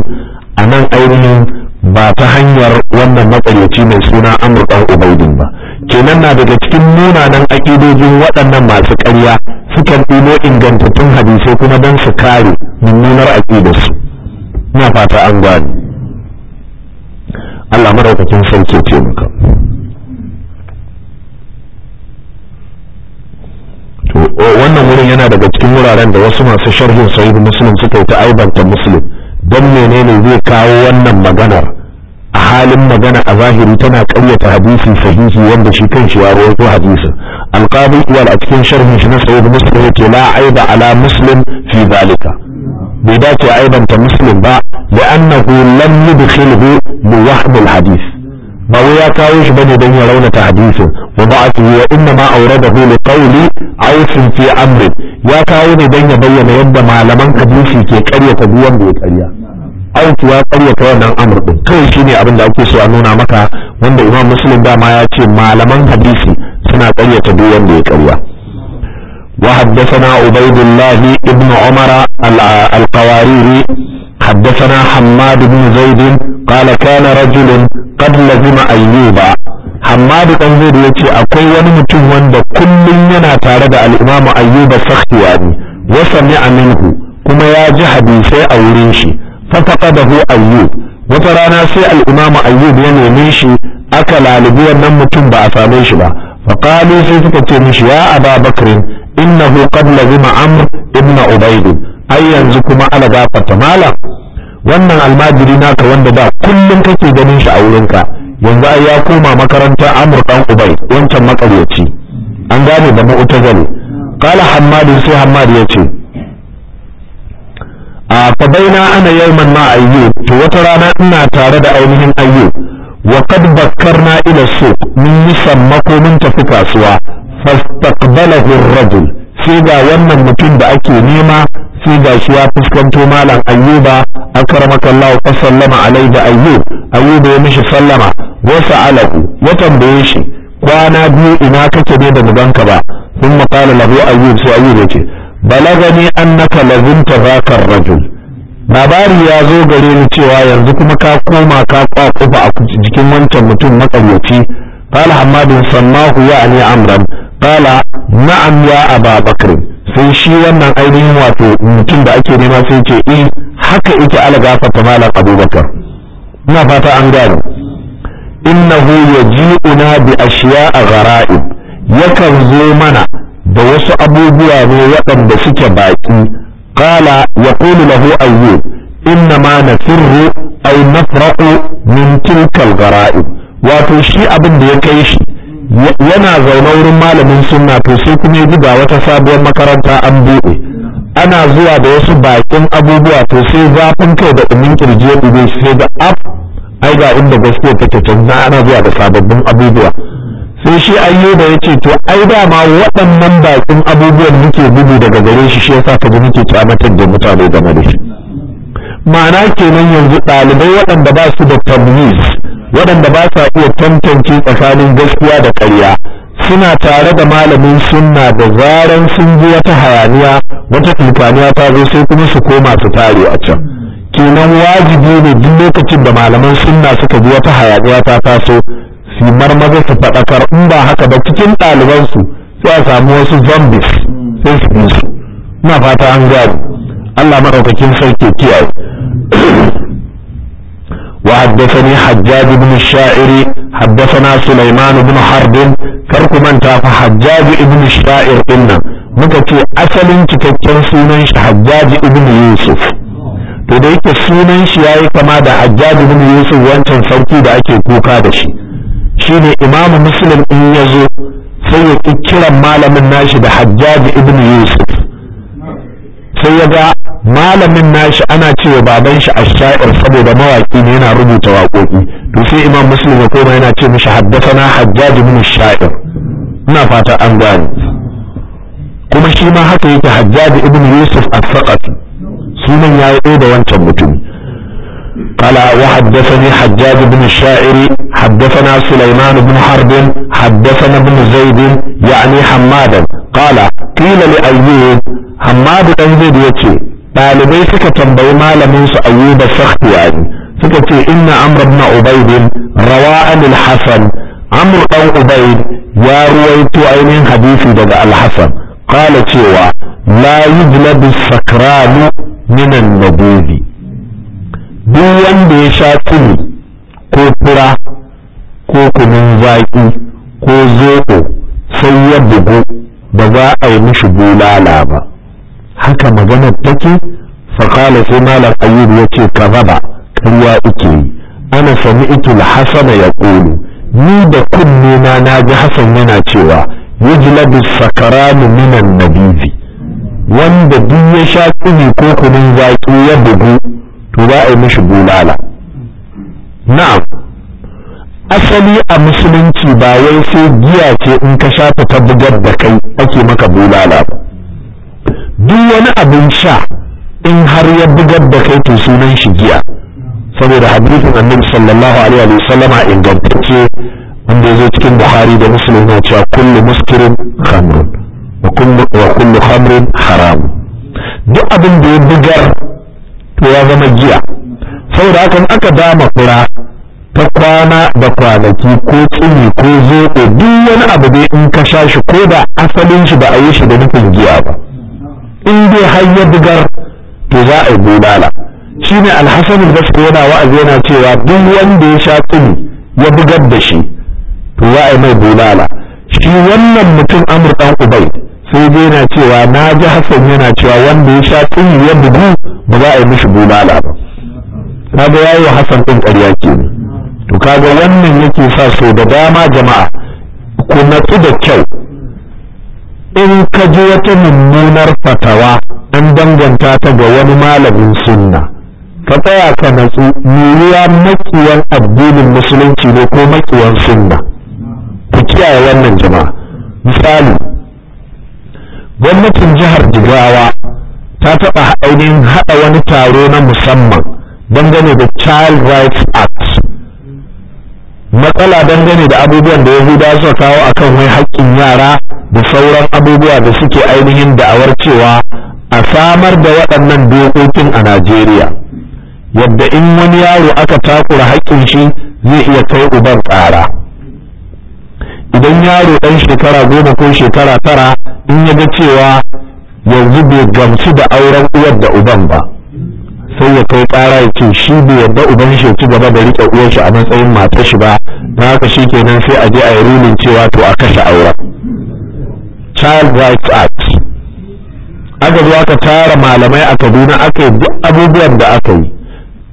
a nan ainihin ba ta hanyar wannan matsayaci mai suna amur dan ubaidin ba kenan na daga cikin munanan aƙidojin waɗannan masu ƙarya sukan ɗino ingantattun hadisai kuma don su kare mummunar aƙidarsu ina fata an gwani Allah madaukakin sarki ya taimaka wannan wurin yana daga cikin wuraren da wasu masu sharhin sahih muslim suka yi ta aibanta muslim don menene zai kawo wannan maganar a halin magana a zahiri tana ƙaryata hadisi sahihi wanda shi kan shi ya rawaito hadisin alqadi a cikin sharhin shi na sahih muslim yake la aiba ala muslim fi zalika bai dace a aibanta muslim ba da annahu lam yudkhilhu bi wahd ba wai ya kawo shi bane dan ya raunata hadisin wa ba'athu ya inna ma awradahu li qawli awf fi amri ya kawo ne dan ya bayyana yadda malaman hadisi ke karyata duk da ya karya awf ya karyata wannan amr din kawai shine abin da ake so a nuna maka wanda imam muslim dama ya ce malaman hadisi suna karyata duk da ya karya وحدثنا عبيد الله بن عمر القواريري حدثنا حماد بن زيد قال كان رجل قد لزم أيوب حماد بن زيد يتي أكوي ونمتم وند كل ينا تارد الإمام أيوب سختياني وسمع منه كما ياجي حديثي أورينشي ففقده أيوب وترانا سي الإمام أيوب ينميشي أكل على بيان نمتم بأساميش با فقالوا سيسكتين يا أبا بكر innahu qad lazima amr ibn ubayd ai yanzu kuma ala malam wannan almajiri naka wanda da kullum kake ganin shi a wurinka yanzu ai ya koma makarantar amurkan dan wancan makaryaci an gane da mu'tazali qala hammad sai ya yace a fa baina ana yawman ma ayyu to wata rana ina tare da ainihin ayyu wa qad bakkarna ila suq mun yi sammako mun tafi kasuwa fastaqbalahu ar-rajul sai ga wannan mutum da ake nema sai ga shi ya fuskanto malam ayyuba akramakallahu fa sallama alaihi ayyub ayyuba ya mishi sallama wa sa'alahu ya tambaye shi kwana biyu ina kake ne da muganka ba sun qala lahu ayyub sai ayyub yace balagani annaka lazimta zaka ar-rajul labari ya zo gare ni cewa yanzu kuma ka koma ka kwakufa a jikin wancan mutum makaryaci qala hammadun sannahu ya'ni amran qala na'am ya aba bakr sai shi wannan ainihin wato mutum da ake nema sai ce eh haka yake ala gafarta malam abubakar ina fata an gane innahu yaji'una bi ashiya'a ghara'ib yakan zo mana da wasu abubuwa ne waɗanda suke baki ya yaqulu lahu ayyub innama nafirru ay nafraqu min tilka al-ghara'ib wato shi abin da ya kai shi yana zaune wurin malamin sunna to sai kuma ya buga wata sabuwar makaranta an buɗe ana zuwa da wasu bakin abubuwa to sai zafin kai da ɗumin kirji ya ɗube sai da af ai ga inda gaskiya take canza ana zuwa da sababbin abubuwa sai shi da ya ce to ai da ma waɗannan bakin abubuwan muke gudu daga gare shi shi ya yasa kaji muke kyamatar da mutane game da shi ma'ana kenan yanzu ɗalibai waɗanda ba su da tabbis waɗanda ba sa iya tantance tsakanin gaskiya da ƙarya suna tare da malamin sunna da zaran sun ji wata hayaniya wata tulfaniya ta zo sai kuma su koma su tare a can kenan wajibi ne duk lokacin da malaman sunna suka ji wata hayaniya ta taso su marmaza su faɗakar in ba haka ba cikin ɗalibansu sai a samu wasu zombies sai su bi su ina fata an gari Allah maɗaukakin sarki kiyaye وحدثني حجاج بن الشاعر حدثنا سليمان بن حرب كركو من تاف حجاج بن الشاعر إن مكتي أسل تكتن سنن حجاج بن يوسف to da yake sunan shi yayi kama da Hajjaj ibn Yusuf wancan sarki da ake kuka da shi shine Imam Muslim in zo sai ya kiran malamin nashi da hajjaji ibn Yusuf sai ya ga malamin nashi ana cewa baban shi ashair saboda mawaki ne yana rubuta waƙoƙi to sai imam muslim ya koma yana ce mishi haddathana hajjaj ibn sha'ir ina fata an gane kuma shi ma haka yake hajjaj ibn yusuf as-saqafi sunan yayi da wancan mutum قال وحدثني حجاج بن الشاعر حدثنا سليمان بن حرب حدثنا بن زيد يعني حمادا قال قيل لأيوب حماد بن زيد يتي ɗalibai suka tambayi malamin su ayyuba sakhtiyani suka ce inna amr ibn ubayd rawa anil hasan amr dan ubayd ya ruwaito ainihin hadisi daga al-hasan qala cewa la yujlabu sakranu min an-nabudi duk wanda ya sha tsini ko fura ko kunun zaki ko zoɓo sai ya bugu ba za a yi mishi bulala ba magana take faƙala sai malam ayyub ya ce kazaba ƙarya ike yi ana sami ikil hasan ya ƙulu ni da kunne na na ji hasan yana cewa yujlabu sakaranu minan nabizi wanda duk ya sha kuni ko kunun zaƙi ya bugu to za a yi mishi bulala na'am asali a musulunci ba wai sai giya ce in ka shafa ta bugar da kai ake maka bulala ba duk wani abin sha in har ya bugar da kai to sunan shi giya saboda hadisin annabi sallallahu alaihi wa sallama ingantacce wanda ya zo cikin buhari da muslim na cewa kullu muskirin khamrun wa kullu khamrin haram duk abin da ya bugar to ya zama giya saboda haka in aka dama fura ta kwana da kwanaki ko tsini ko zoɓo duk wani abu dai in ka sha shi ko da asalin shi ba a yi shi da nufin giya ba in dai har ya bugar to za a bulala shi ne alhassan basri yana wa'azi yana cewa duk wanda ya sha tsini ya bugar da shi to za a yi mai bulala shi wannan mutum amur dan ubai sai dai yana cewa na ji hassan yana cewa wanda ya sha tsini ya bugu ba za a yi mishi bulala ba kaga yayi wa hassan ɗin ƙarya ke to kaga wannan yake sa so da dama jama'a ku natsu da kyau in ka ji wata mummunar fatawa an danganta ta ga wani malamin sunna ka tsaya ka natsu yiwuwa makiyan addinin musulunci ne ko makiyan sunna ku kiyaye wannan jama'a misali gwamnatin jihar jigawa ta taɓa ainihin haɗa wani taro na musamman dangane da child rights act matsala dangane da abubuwan da ya yahuda suka kawo akan wai haƙƙin yara da sauran abubuwa da suke ainihin da'awar cewa a samar da waɗannan dokokin a Najeriya yadda in wani yaro aka takura haƙƙin shi zai iya kai uban tsara idan yaro ɗan shekara goma ko shekara tara in ya ga cewa yanzu bai gamsu da auren uwar da uban ba sai ya kai tsara ya ce shi bai yadda uban shi ci gaba da riƙe uwar shi a matsayin matar shi ba na haka shi kenan sai a je a yi rulin cewa to a kashe auren child rights act aka zo aka tara malamai a kaduna aka yi duk abubuwan da aka yi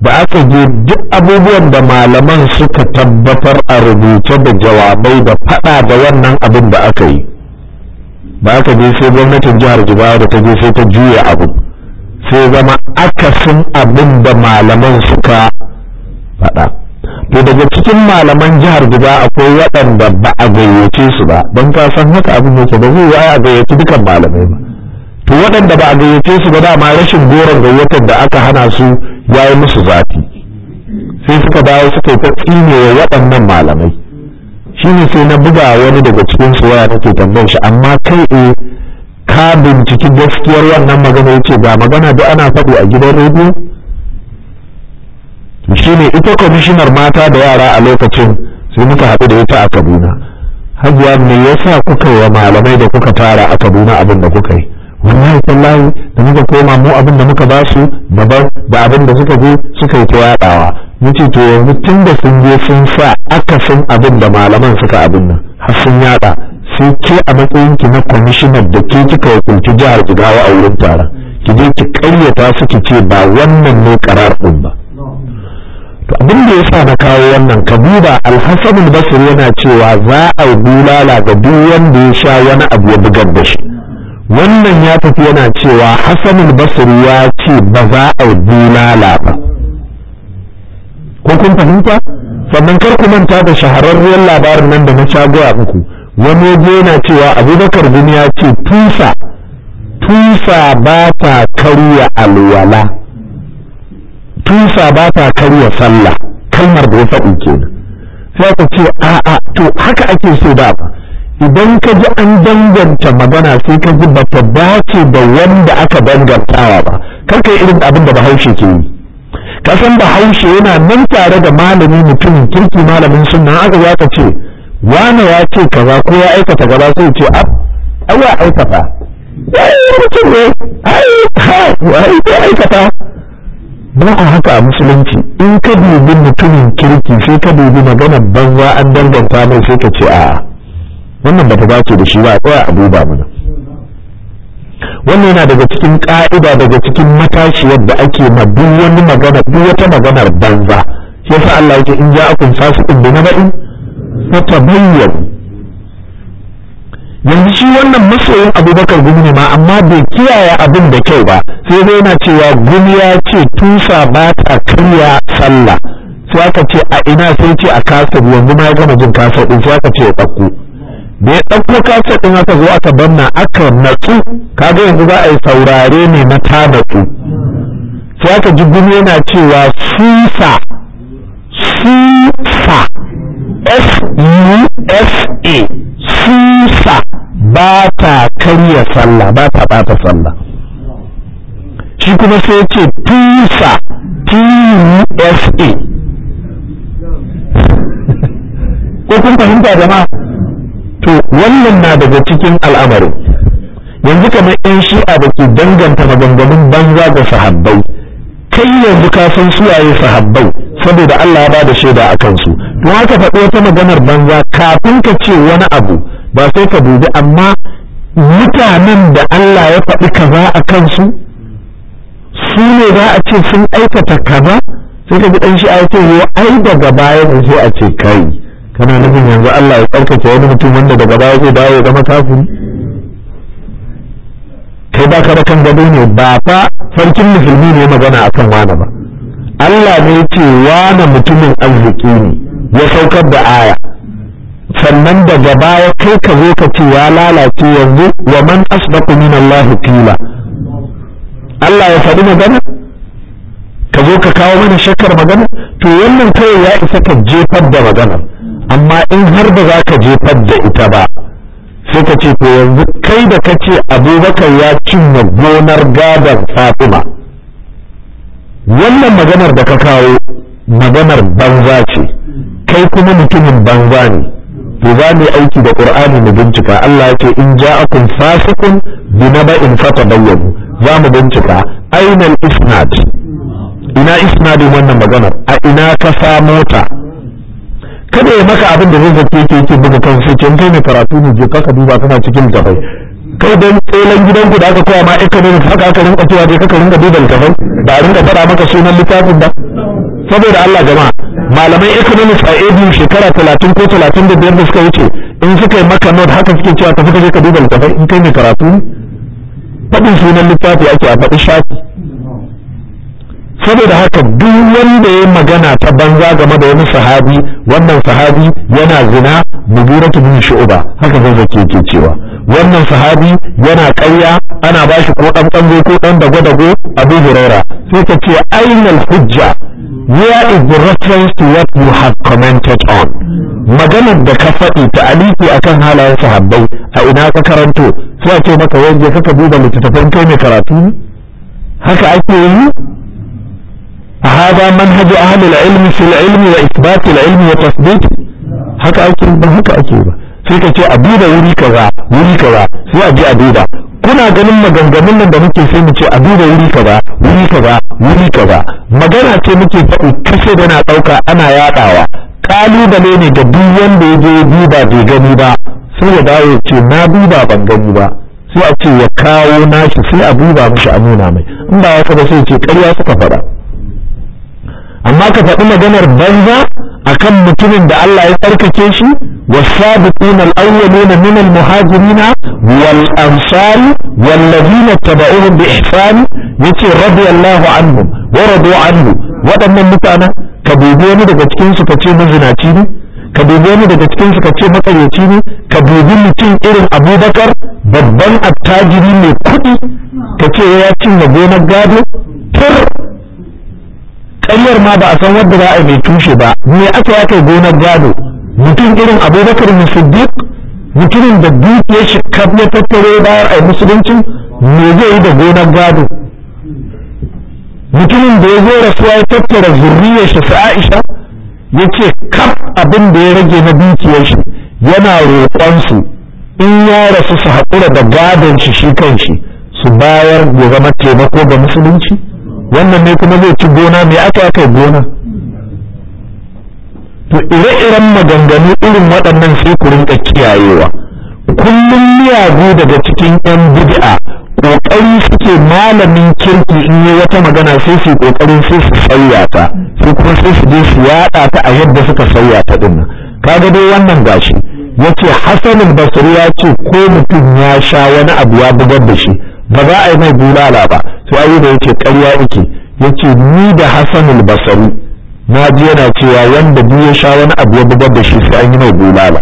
ba aka je duk abubuwan da malaman suka tabbatar a rubuce da jawabai da faɗa da wannan abin da aka yi ba aka je sai gwamnatin jihar jibawa da ta je sai ta juya abu sai zama akasin abin da malaman suka faɗa to daga cikin malaman jihar guda akwai waɗanda ba a gayyace su ba don ka san haka abin yake ba zai waya a gayyaci dukan malamai ba to waɗanda ba a gayyace su ba dama rashin goron gayyatar da aka hana su ya yi musu zafi sai suka dawo suka ta tsine wa waɗannan malamai shi ne sai na buga wani daga cikin su waya take tambayar shi amma kai eh ka binciki gaskiyar wannan magana yace ga magana da ana faɗi a gidan rediyo ne ita kwamishinar mata da yara a lokacin sai muka haɗu da ita a kaduna hajiya me yasa kuka wa malamai da kuka tara a kaduna abin da kuka yi wallahi da muka koma mu abin da muka basu daban da abin da suka je suka yi ta yaɗawa mu ce to yanzu tun da sun je sun sa san abin da malaman suka abin nan har sun yaɗa sai ke a matsayin ki na kwamishinar da ke kika wakilci jihar jigawa a wurin taron ki je ki ƙayyata su ki ce ba wannan ne karar ɗin ba to abin da ya sa na kawo wannan ka duba alhassan basri yana cewa za a bulala ga duk wanda ya sha wani abu ya bugar da shi wannan ya tafi yana cewa hassan basri ya ce ba za a bulala ba ko kun fahimta sannan kar ku manta da shahararren labarin nan da na shagoya muku wani waje yana cewa abubakar gumi ya ce tusa tusa ba ta karya alwala tusa ba ta karya sallah kalmar da ya faɗi kenan sai ka ce a'a to haka ake so da ba idan ka ji an danganta magana sai ka ji ba ta dace da wanda aka dangantawa ba kar ka yi irin abin da bahaushe ke yi ka san bahaushe yana nan tare da malami mutumin kirki malamin sunna haka za ka ce wane ya ce kaza ko ya aikata kaza sai ce a ai ya aikata ai mutum ne ai ha ai aikata ba a haka a musulunci in ka dubi mutumin kirki sai ka dubi maganar banza an danganta mai sai ka ce a wannan ba ta dace da shi ba a tsaya a duba mana wannan yana daga cikin ƙa'ida daga cikin matashiyar da ake ma duk wani magana duk wata maganar banza sai yasa Allah yake in ja'akum fasiqun bi naba'in fatabayyanu yanzu shi wannan masoyin abubakar gumi ne ma amma bai kiyaye abin da kyau ba sai dai yana cewa gumi ya ce tusa ba ta karya sallah sai aka ce a ina sai ce a kasar yanzu ma ya gama jin kasar din sai aka ce ya ɗauko da ya ɗauko kasar din aka zo aka banna aka natsu kaga yanzu za a yi saurare ne na ta natsu sai aka ji gumi yana cewa susa susa s u s a susa ba ta karya sallah ba ta ɓata sallah shi kuma sai ce tusa tusa ko kun fahimta jama'a to wannan na daga cikin al'amarin yanzu kamar yan shi'a da ke danganta maganganun banza ga sahabbai kai yanzu ka san suwaye sahabbai saboda Allah ya da shaida a kansu to haka faɗi wata maganar banza kafin ka ce wani abu ba sai ka dubi amma mutanen da Allah ya faɗi kaza a kansu su ne za a ce sun aikata kaza sai ka ji ɗan shi'a ce yau ai daga baya ne sai a ce kai kana nufin yanzu Allah ya tsarkake wani mutum wanda daga baya zai dawo ya zama kafin kai ba ka kan gado ne ba fa farkin musulmi ne magana akan wani ba Allah ne ce wani mutumin arziki ne ya saukar da aya sannan daga baya kai ka zo ka ce ya lalace yanzu wa man asdaqu min Allah qila Allah ya faɗi magana ka zo ka kawo mana shakkar magana to wannan kai ya isa ka jefar da magana amma in har ba za ka jefar da ita ba sai ka ce to yanzu kai da ka ce abubakar ya cinye gonar gadon fatima wannan maganar da ka kawo maganar banza ce kai kuma mutumin banza ne to za mu aiki da qur'ani mu bincika Allah ya ce in ja'akum fasiqun bi naba'in fatabayyanu za mu bincika aina al-isnad ina isnadin wannan magana a ina ka samo ta kada ya maka abin da zai zace yake yake buga kan su kin kai ne karatu ne je ka duba kana cikin jabai kai dan tsolan gidan ku da aka koya ma ne haka aka rinka cewa je ka rinka duba littafin ba a rinka faɗa maka sunan littafin ba saboda Allah jama'a malamai economics a edu shekara talatin ko talatin da biyar da suka wuce in suka yi maka note haka suke cewa tafi ka je ka duba littafai in kai mai karatu faɗin sunan littafi ake a faɗi shafi saboda haka duk wanda ya magana ta banza game da wani sahabi wannan sahabi yana zina ta bin shu'ba haka zai zake yake cewa wannan sahabi yana ƙarya ana bashi ko ɗan bango ko ɗan dago dago abu huraira sai ta ce ainal hujja where is the reference to what you have commented on maganar da ka faɗi ta aliki akan halayen sahabbai a ina ka karanto sai a ce maka wanda kaka duba littattafan kai mai karatu haka ake yi هذا منهج أهل العلم في العلم وإثبات العلم وتثبيته haka ake ba haka ake ba sai ka ce a duba wuri kaza wuri kaza sai a je a duba kuna ganin maganganun nan da muke sai mu ce a duba wuri kaza wuri kaza wuri kaza magana ce muke faɗi kashe da na ɗauka ana yaɗawa ƙalubale ne ga duk wanda ya je duba bai gani ba sai ya dawo ce na duba ban gani ba sai a ce ya kawo nashi sai a duba mishi a nuna mai in ba haka ba sai ce ƙarya suka faɗa amma ka faɗi maganar banza akan mutumin da Allah ya tsarkake shi والسابقون الأولون من المهاجرين والأنصار والذين اتبعوهم بإحسان يتي رضي الله عنهم ورضوا عنه waɗannan mutane ka dubi wani daga cikin su kace mazinaci ne ka dubi daga cikin su kace matsalaci ne ka dubi mutum irin Abubakar babban attajiri mai kuɗi kace ya cinye gonar gado tur ƙaryar ma ba a san wadda za a yi mai tushe ba me aka ya yi gonar gado mutum irin abubakar siddiq mutumin da dukiyar shi kaf ya tattare bayan a musulunci me zai yi da gonar gado mutumin da ya zo rasuwa ya tattara zurriyar shi su aisha ya ce kaf abin da ya rage na dukiyar shi yana roƙonsu in ya rasu su haƙura da gadon shi shi kan shi su bayar ya zama taimako ga musulunci wannan ne kuma zai ci gona mai aka aka gona to ire-iren maganganu irin waɗannan sai ku rinka kiyayewa kullum miyagu daga cikin 'yan bid'a kokari suke malamin kirki in yi wata magana sai su kokarin sai su sauya ta sai kuma sai su je su yada ta a yadda suka sauya ta din kaga dai wannan gashi yace hasanin basiru basri ya ce ko mutum ya sha wani abu ya bugar da shi ba za a yi mai bulala ba sai da yake ƙarya yake yace ni da Hassanul Basri na ji yana cewa wanda duk ya sha wani abu ya bugar da shi sai an yi mai bulala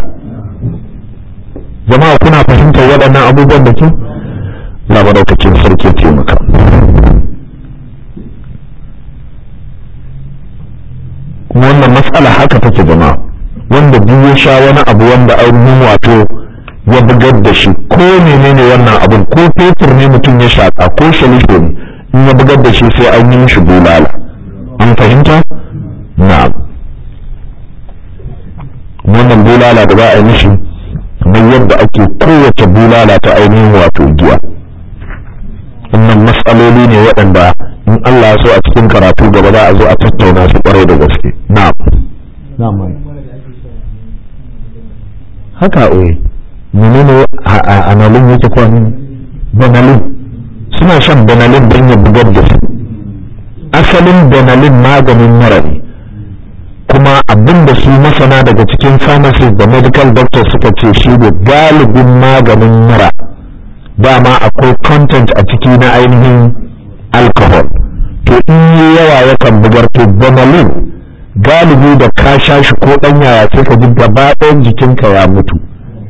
jama'a kuna fahimtar waɗannan abubuwan da ke na madaukakin sarki taimaka wannan matsala haka take jama'a wanda duk ya sha wani abu wanda ainihin wato ya bugar da shi ko menene wannan abin ko fetur ne mutum ya shaka ko shalisho ne in ya bugar da shi sai an yi mishi bulala an fahimta na wannan bulala da za a yi mishi na yadda ake kowace bulala ta ainihin wato giya wannan matsaloli ne waɗanda in Allah so a cikin karatu gaba za a zo a tattauna su ƙwarai da gaske na'am haka oye eh. menene analin yake kwan banalin suna shan benalin don ya bugar da su asalin banalin maganin mara ne kuma abin da su masana daga cikin pharmacist da medical doctor suka ce shi ne galibin maganin mara dama akwai content a ciki na ainihin alcohol to in yi yawa yakan bugar to banalin galibi da ka sha shi ko ɗan yaya sai ka ji gaba jikinka ya mutu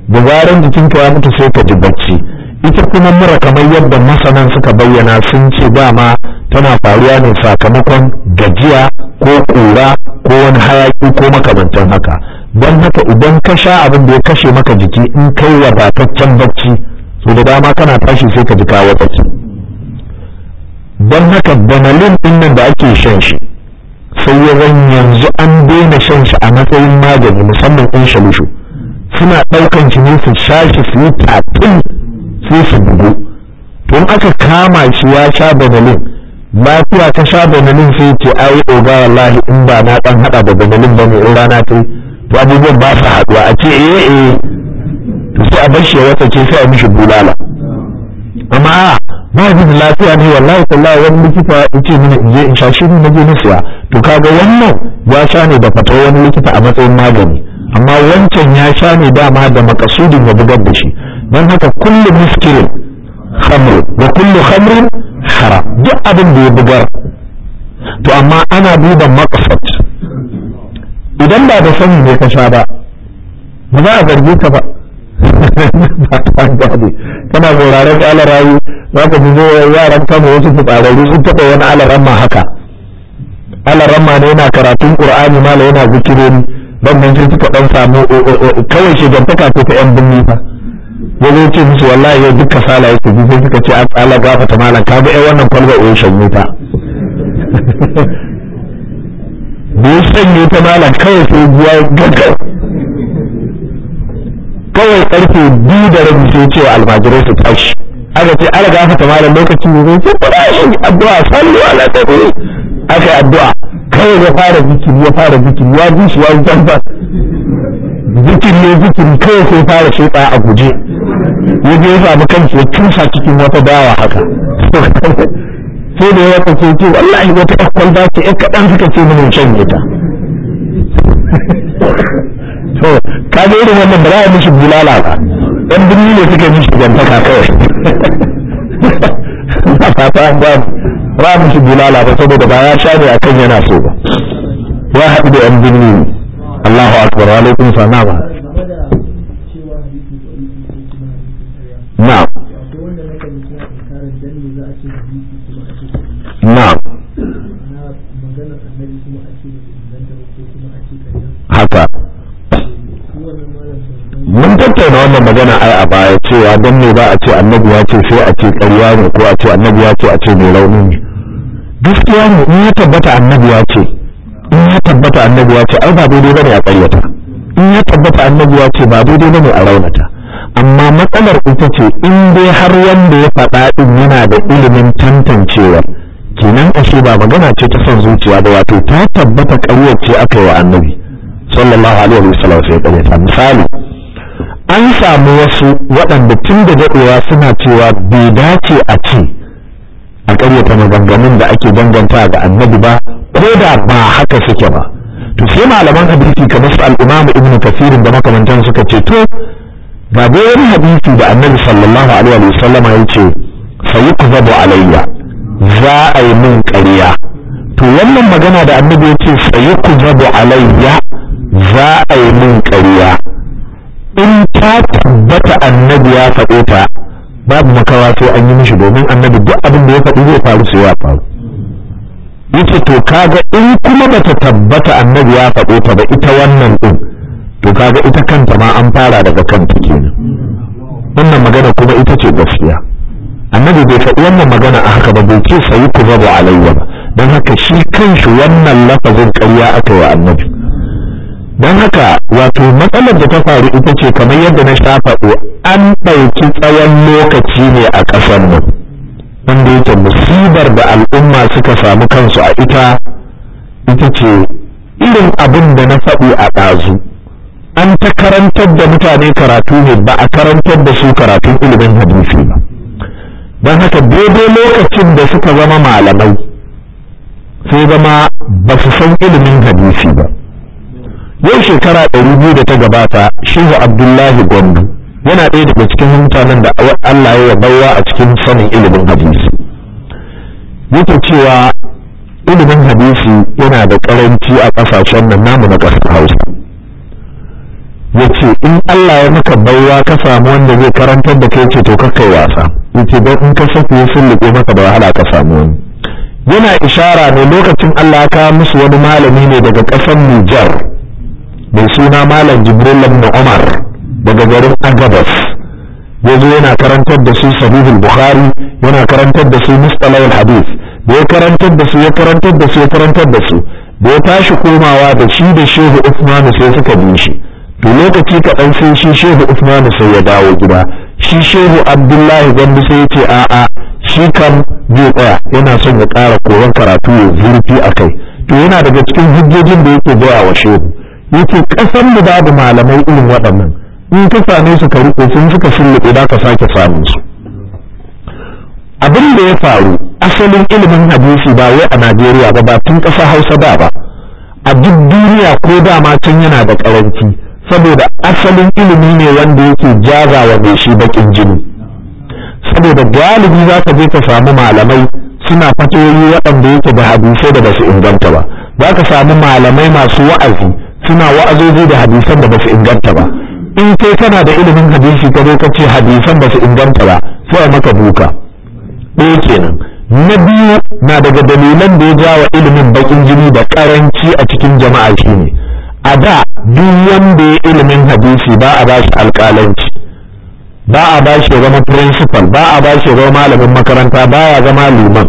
da zaran jikinka ya mutu sai ka ji bacci ita kuma mura kamar yadda masanan suka bayyana sun ce dama tana faruwa ne sakamakon gajiya ko kura ko wani hayaki ko makamantan haka don haka idan ka sha abin da ya kashe maka jiki in kai wadataccen bacci so da dama kana tashi sai ka ji kawo bacci don haka banalin dinnan da ake shan shi sai ya yanzu an daina shan shi a matsayin magani musamman in shalushu suna ɗaukan shi ne su shashi su yi tatin sai su bugu tun aka kama shi ya sha benelin lafiya ta sha benelin sai ce ai oga wallahi in ba na ɗan haɗa da benelin ba ne in rana ta to abubuwan ba su haɗuwa a ce eh eh sai a bashi ya wata ce sai a mishi bulala amma ah, ba ni da lafiya ne wallahi tallahi wani likita ya ce mini in je in sha shi ne na je na siya to kaga wannan ya sha ne da fata wani likita a matsayin magani amma wancan ya sha ne dama da makasudin ya bugar da shi don haka kullum miskirin khamr da kullum khamrin haram duk abin da ya bugar to amma ana duba maqsad idan ba da sanin ne ka sha ba ba za a zarge ka ba *laughs* kana sauraron alarayi za ka fi zuwa yaran kano wasu fitsararru sun taɓa wani alaramma haka alaramma ne yana karatun ƙur'ani malam yana zikirori wannan sai suka dan samu kawai shigantaka ko ta yan birni fa ya zo ce musu wallahi yau duk kasala yake ji sai suka ce a tsala ta malam ka ga wannan kwalba oyin shan wuta *laughs* da ya sanya ta malam kawai sai ruwa gaggau kawai karfe biyu da rabi sai ce almajirai su tashi ga ce ala an ta malam lokacin da zai ce ku da shi addu'a sallu ala tabi aka addu'a kai ya fara zikiri ya fara zikiri ya ji shi ya yi jamfa zikiri ne zikiri kai sai fara shefa a guje ya je ya samu kansa ya tusa cikin wata dawa haka sai da ya kace ce wallahi wata akwal da ce kaɗan suka ce mun shanye ta to ka ga irin wannan ba za a mishi bulala ba dan birni ne suka mishi gantaka kawai na fata an gano ba mu shi bulala ba saboda ba ya sha ne akan yana so ba ya haɗu da yan birni Allahu akbar wa alaikum salam na'am na'am haka wannan magana ai a baya cewa don me ba a ce annabi ya ce sai a ce ƙarya ne ko a ce annabi ya ce a ce mai rauni ne gaskiya ne in ya tabbata annabi ya ce in ya tabbata annabi ya ce ai ba daidai bane a ƙaryata in ya tabbata annabi ya ce ba daidai bane a raunata amma matsalar ita ce in dai har wanda ya faɗa din yana da ilimin tantancewa kenan ashe ba magana ce ta son zuciya ba wato ta tabbata ƙaryar ce aka yi wa annabi sallallahu alaihi wa sallam sai ƙaryata misali an samu wasu waɗanda tun da daɗewa suna cewa bai dace a ce a ƙaryata maganganun da ake danganta ga annabi ba ko da ba haka suke ba to sai malaman hadisi kamar su al'umama ibn kafirin da makamantan suka ce to ga dai wani hadisi da annabi sallallahu alaihi wa sallam, ya ce sayukzabu alayya za a yi min ƙarya to wannan magana da annabi ya ce sayukzabu alayya za a yi min ƙarya in ta tabbata annabi ya faɗo ta babu makawa sai an yi mishi domin annabi duk abin da ya faɗi zai faru sai ya faru yace to kaga in kuma bata tabbata annabi ya faɗo ta ba ita wannan din to kaga ita kanta ma an fara daga kanta kenan wannan magana kuma ita ce gaskiya annabi bai faɗi wannan magana a haka ba bai ce sayi ku zabu alayya ba don haka shi kanshi wannan lafazin ƙarya aka yi annabi don haka wato matsalar da ta faru ita ce kamar yadda na sha faɗo an ɗauki tsawon lokaci ne a ƙasar mu. wanda yake musibar da al'umma suka samu kansu a ita ita ce irin abin da na faɗi a ɗazu an ta karantar da mutane karatu ne ba a karantar da su karatun ilimin hadisi ba don haka daidai lokacin da suka zama malamai sai zama ba su san ilimin hadisi ba yau shekara ɗari biyu da ta gabata shehu abdullahi gwamna yana ɗaya daga cikin mutanen da allah ya baiwa a cikin sanin ilimin hadisi yake cewa ilimin hadisi yana da karanci a ƙasashen nan namu na ƙasar hausa yace in Allah ya maka baiwa ka samu wanda zai karantar da kai ce to ka kai wasa yace don in ka sake sun liƙe maka da wahala ka samu wani yana ishara ne lokacin Allah ka musu wani malami ne daga ƙasar Nijar mai suna malam jibril ibn umar daga garin agabas ya zo yana karantar da su sahihul bukhari yana karantar da su mustalahul hadith da ya karantar da su ya karantar da su ya karantar da su da ya tashi komawa da shi da shehu usmanu sai suka bi shi to lokaci kaɗan sai shi shehu usmanu sai ya dawo gida shi shehu abdullahi gandu sai ce a'a shi kam zai tsaya yana son ya ƙara koyon karatu ya zurfi a kai to yana daga cikin hujjojin da yake bayawa shehu yake kasan mu babu malamai irin waɗannan in ka same su ka riko sun suka shulluɓe da ka sake samun su abin da ya faru asalin ilimin hadisi ba wai a Najeriya ba ba tun ƙasa Hausa ba ba a duk duniya ko dama can yana da karanci saboda asalin ilimi ne wanda yake jazawa mai shi bakin jini saboda galibi za ka je ka samu malamai suna fatoyi waɗanda yake da hadisai da su inganta ba za ka samu malamai masu wa'azi suna wa'azozi da hadisan da basu inganta ba in sai kana da ilimin hadisi ta zo ce hadisan basu inganta ba sai maka buka ɗaya kenan na biyu na daga dalilan da ya ja wa ilimin bakin jini da karanci a cikin jama'a shine a da duk wanda ya ilimin hadisi ba a bashi alƙalanci ba a bashi ya zama principal ba a bashi ya zama malamin makaranta ba ya zama liman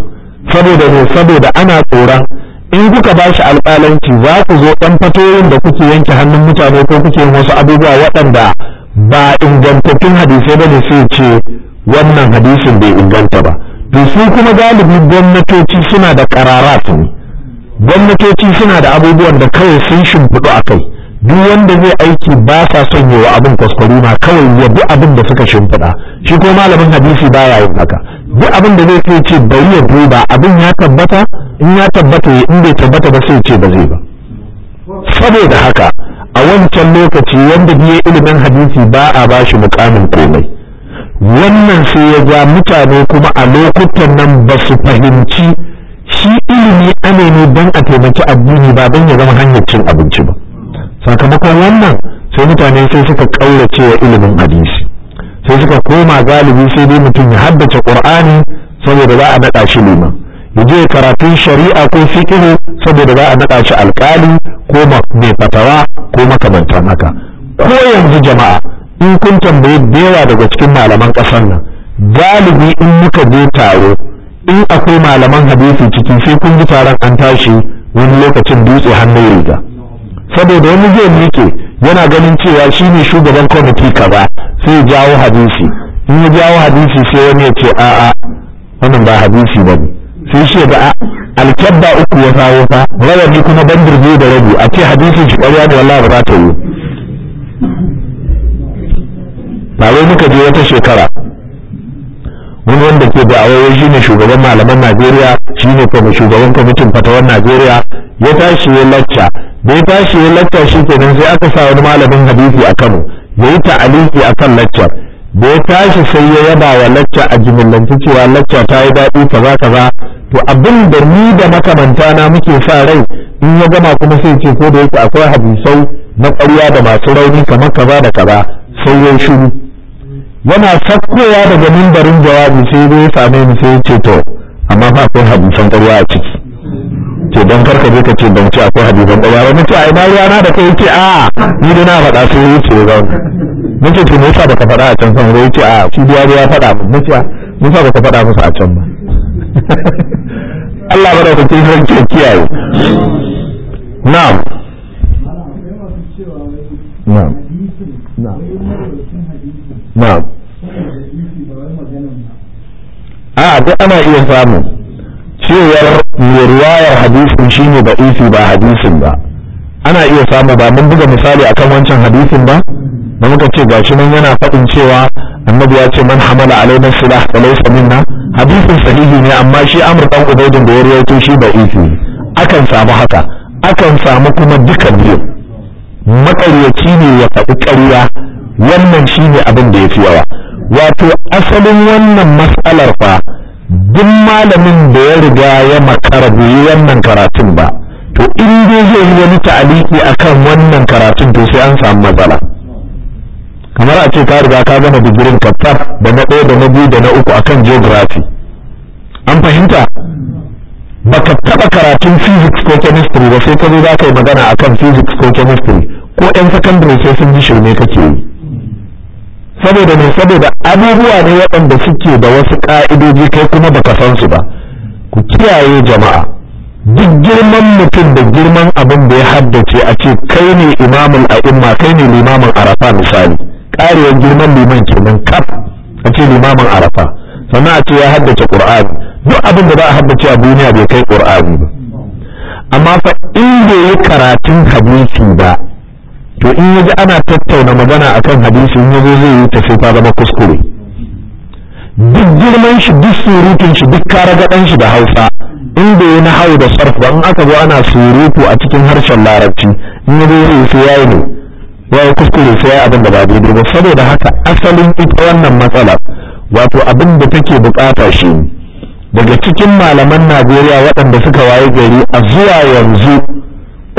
saboda ne saboda ana tsoron in kuka ba shi alƙalanci za ku zo ɗan fatoyin da kuke yanke hannun mutane ko kuke yin wasu abubuwa waɗanda ba ingantattun hadisai ba ne sai ce wannan hadisin bai inganta ba to su kuma galibi gwamnatoci suna da su ne gwamnatoci suna da abubuwan da kawai sun shimfiɗu a kai duk wanda zai aiki ba sa son yi wa abin ma kawai ya bi abin da suka shimfiɗa shi ko malamin hadisi baya yin haka duk abin da zai sai ce bari ya ba abin ya tabbata in ya tabbata in bai tabbata ba sai ce ba zai ba saboda haka a wancan lokaci wanda biye ilimin hadisi ba a ba shi mukamin komai wannan sai ya ja mutane kuma a lokutan nan ba su fahimci shi ilimi ane ne don a taimaki addini ba don ya zama hanyar cin abinci ba sakamakon wannan sai mutane sai suka kaurace wa ilimin hadisi sai suka koma galibi sai dai mutum ya haddace qur'ani saboda za a naɗa shi liman ya je karatun shari'a ko fiqh saboda za a naɗa shi alƙali ko mai fatawa ko makamantan haka ko yanzu jama'a in kun tambayi da yawa daga cikin malaman ƙasar nan galibi in muka je taro in akwai malaman hadisi ciki sai kun ji taron an tashi wani lokacin dutse hannun riga saboda wani zai miƙe yana ganin cewa shi ne shugaban kwamiti kaza sai jawo hadisi in ya jawo hadisi sai wani ya ce a'a wannan ba hadisi ba sai shi da alkyabba uku ya kawo fa rawani kuma ban da rabi a ce hadisin shi ƙwarya da wallahi ba za ta yi tare muka je wata shekara wani wanda ke da awayoyi shi ne shugaban malaman Najeriya shi ne kuma shugaban kwamitin fatawar Najeriya ya tashi ya lacca da ya tashi ya lacca shi kenan sai aka sa wani malamin hadisi a Kano ya yi ta'aliki a kan laccar da ya tashi sai ya yaba wa lacca a jimillanci cewa lacca ta yi daɗi kaza kaza to abin da ni da makamanta na muke sa rai in ya gama kuma sai ce ko da yake akwai hadisai na ƙarya da masu rauni kamar kaza da kaza sai ya shiru yana sakkowa daga mimbarin jawabi sai ya same ni sai ya ce to amma ba akwai hadisan ƙarya a ciki ce don karka zai ka ce ban ci akwai hadisan ƙarya ba nace ai na ruwa na da kai yake a ni da na faɗa sai ce ba nace ce me da ka faɗa a can sama ce a shi da ya faɗa mu a me yasa ka faɗa musu a can ba *laughs* Allah ba da kuke ranke kiyaye na'am na'am na'am na'am a ana iya samu cewar mai riwayar hadisin shine ba isi ba hadisin ba ana iya samu ba mun buga misali akan wancan hadisin ba da muka ce gashi nan yana faɗin cewa annabi ya ce man hamala alaina silah da laysa minna hadisin sahihi ne amma shi amr dan ubaidin da ya riwayato shi ba isi akan samu haka akan samu kuma duka biyu makaryaci ne ya faɗi ƙarya wannan shine abin da ya fi yawa wato asalin wannan mas'alar fa duk malamin da ya riga ya makara bai wannan karatun ba to in dai zai yi wani ta'aliki akan wannan karatun to sai an samu matsala kamar a ce ka riga ka gama digirin kafar da na ɗaya da na biyu da na uku akan geography an fahimta baka taɓa karatun physics ko chemistry ba sai ka zo za ka yi magana akan physics ko chemistry ko 'yan secondary sai sun ji shirme kake yi saboda ne saboda abubuwa ne waɗanda suke da wasu ƙa'idoji kai kuma baka san su ba ku kiyaye jama'a duk girman mutum da girman abin da ya haddace a ce kai ne imamin a'imma kai ne limamin arafa misali ƙarewar girman liman kenan kaf a ce limamin arafa sannan a ce ya haddace ƙur'ani duk abin da ba a haddace a duniya bai kai ƙur'ani ba amma fa in bai yi karatun hadisi ba to in yaji ana tattauna magana akan hadisi in yazo zai yi tafi ka zama kuskure duk girman shi duk surutun shi duk karagadan shi da Hausa in da yi na hau da sarf ba in aka zo ana surutu a cikin harshen Larabci in yazo zai sai yayi ne ya yi kuskure sai yayi abin da ba daidai ba saboda haka asalin ita wannan matsala wato abin da take bukata shi daga cikin malaman Najeriya waɗanda suka waye gari a zuwa yanzu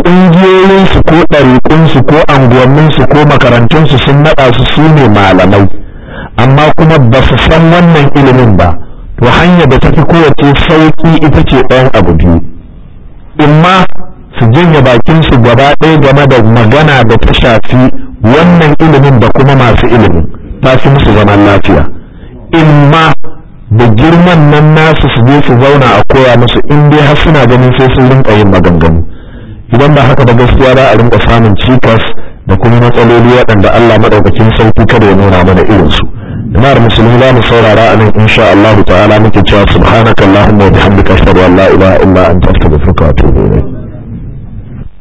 ƙungiyoyinsu ko ɗariƙunsu ko anguwanninsu ko makarantunsu sun naɗa su su ne malamai amma kuma ba su san wannan ilimin ba to hanyar da ta fi kowace sauƙi ita ce ɗan abu biyu In ma su janye bakinsu gaba ɗaya game da magana da ta shafi wannan ilimin da kuma masu ilimin ta fi musu zaman lafiya in ma da girman nan nasu su je su zauna a koya musu in dai har suna ganin sai sun rinka yin maganganu idan ba haka ba gaskiya za a rinka samun cikas da kuma matsaloli waɗanda Allah madaukakin sauki kada ya nuna mana irinsu jama'ar musulmi za mu saurara a nan insha Allah ta'ala muke cewa subhanakallahumma wa bihamdika ashhadu an la ilaha illa anta astaghfiruka wa atubu ilayk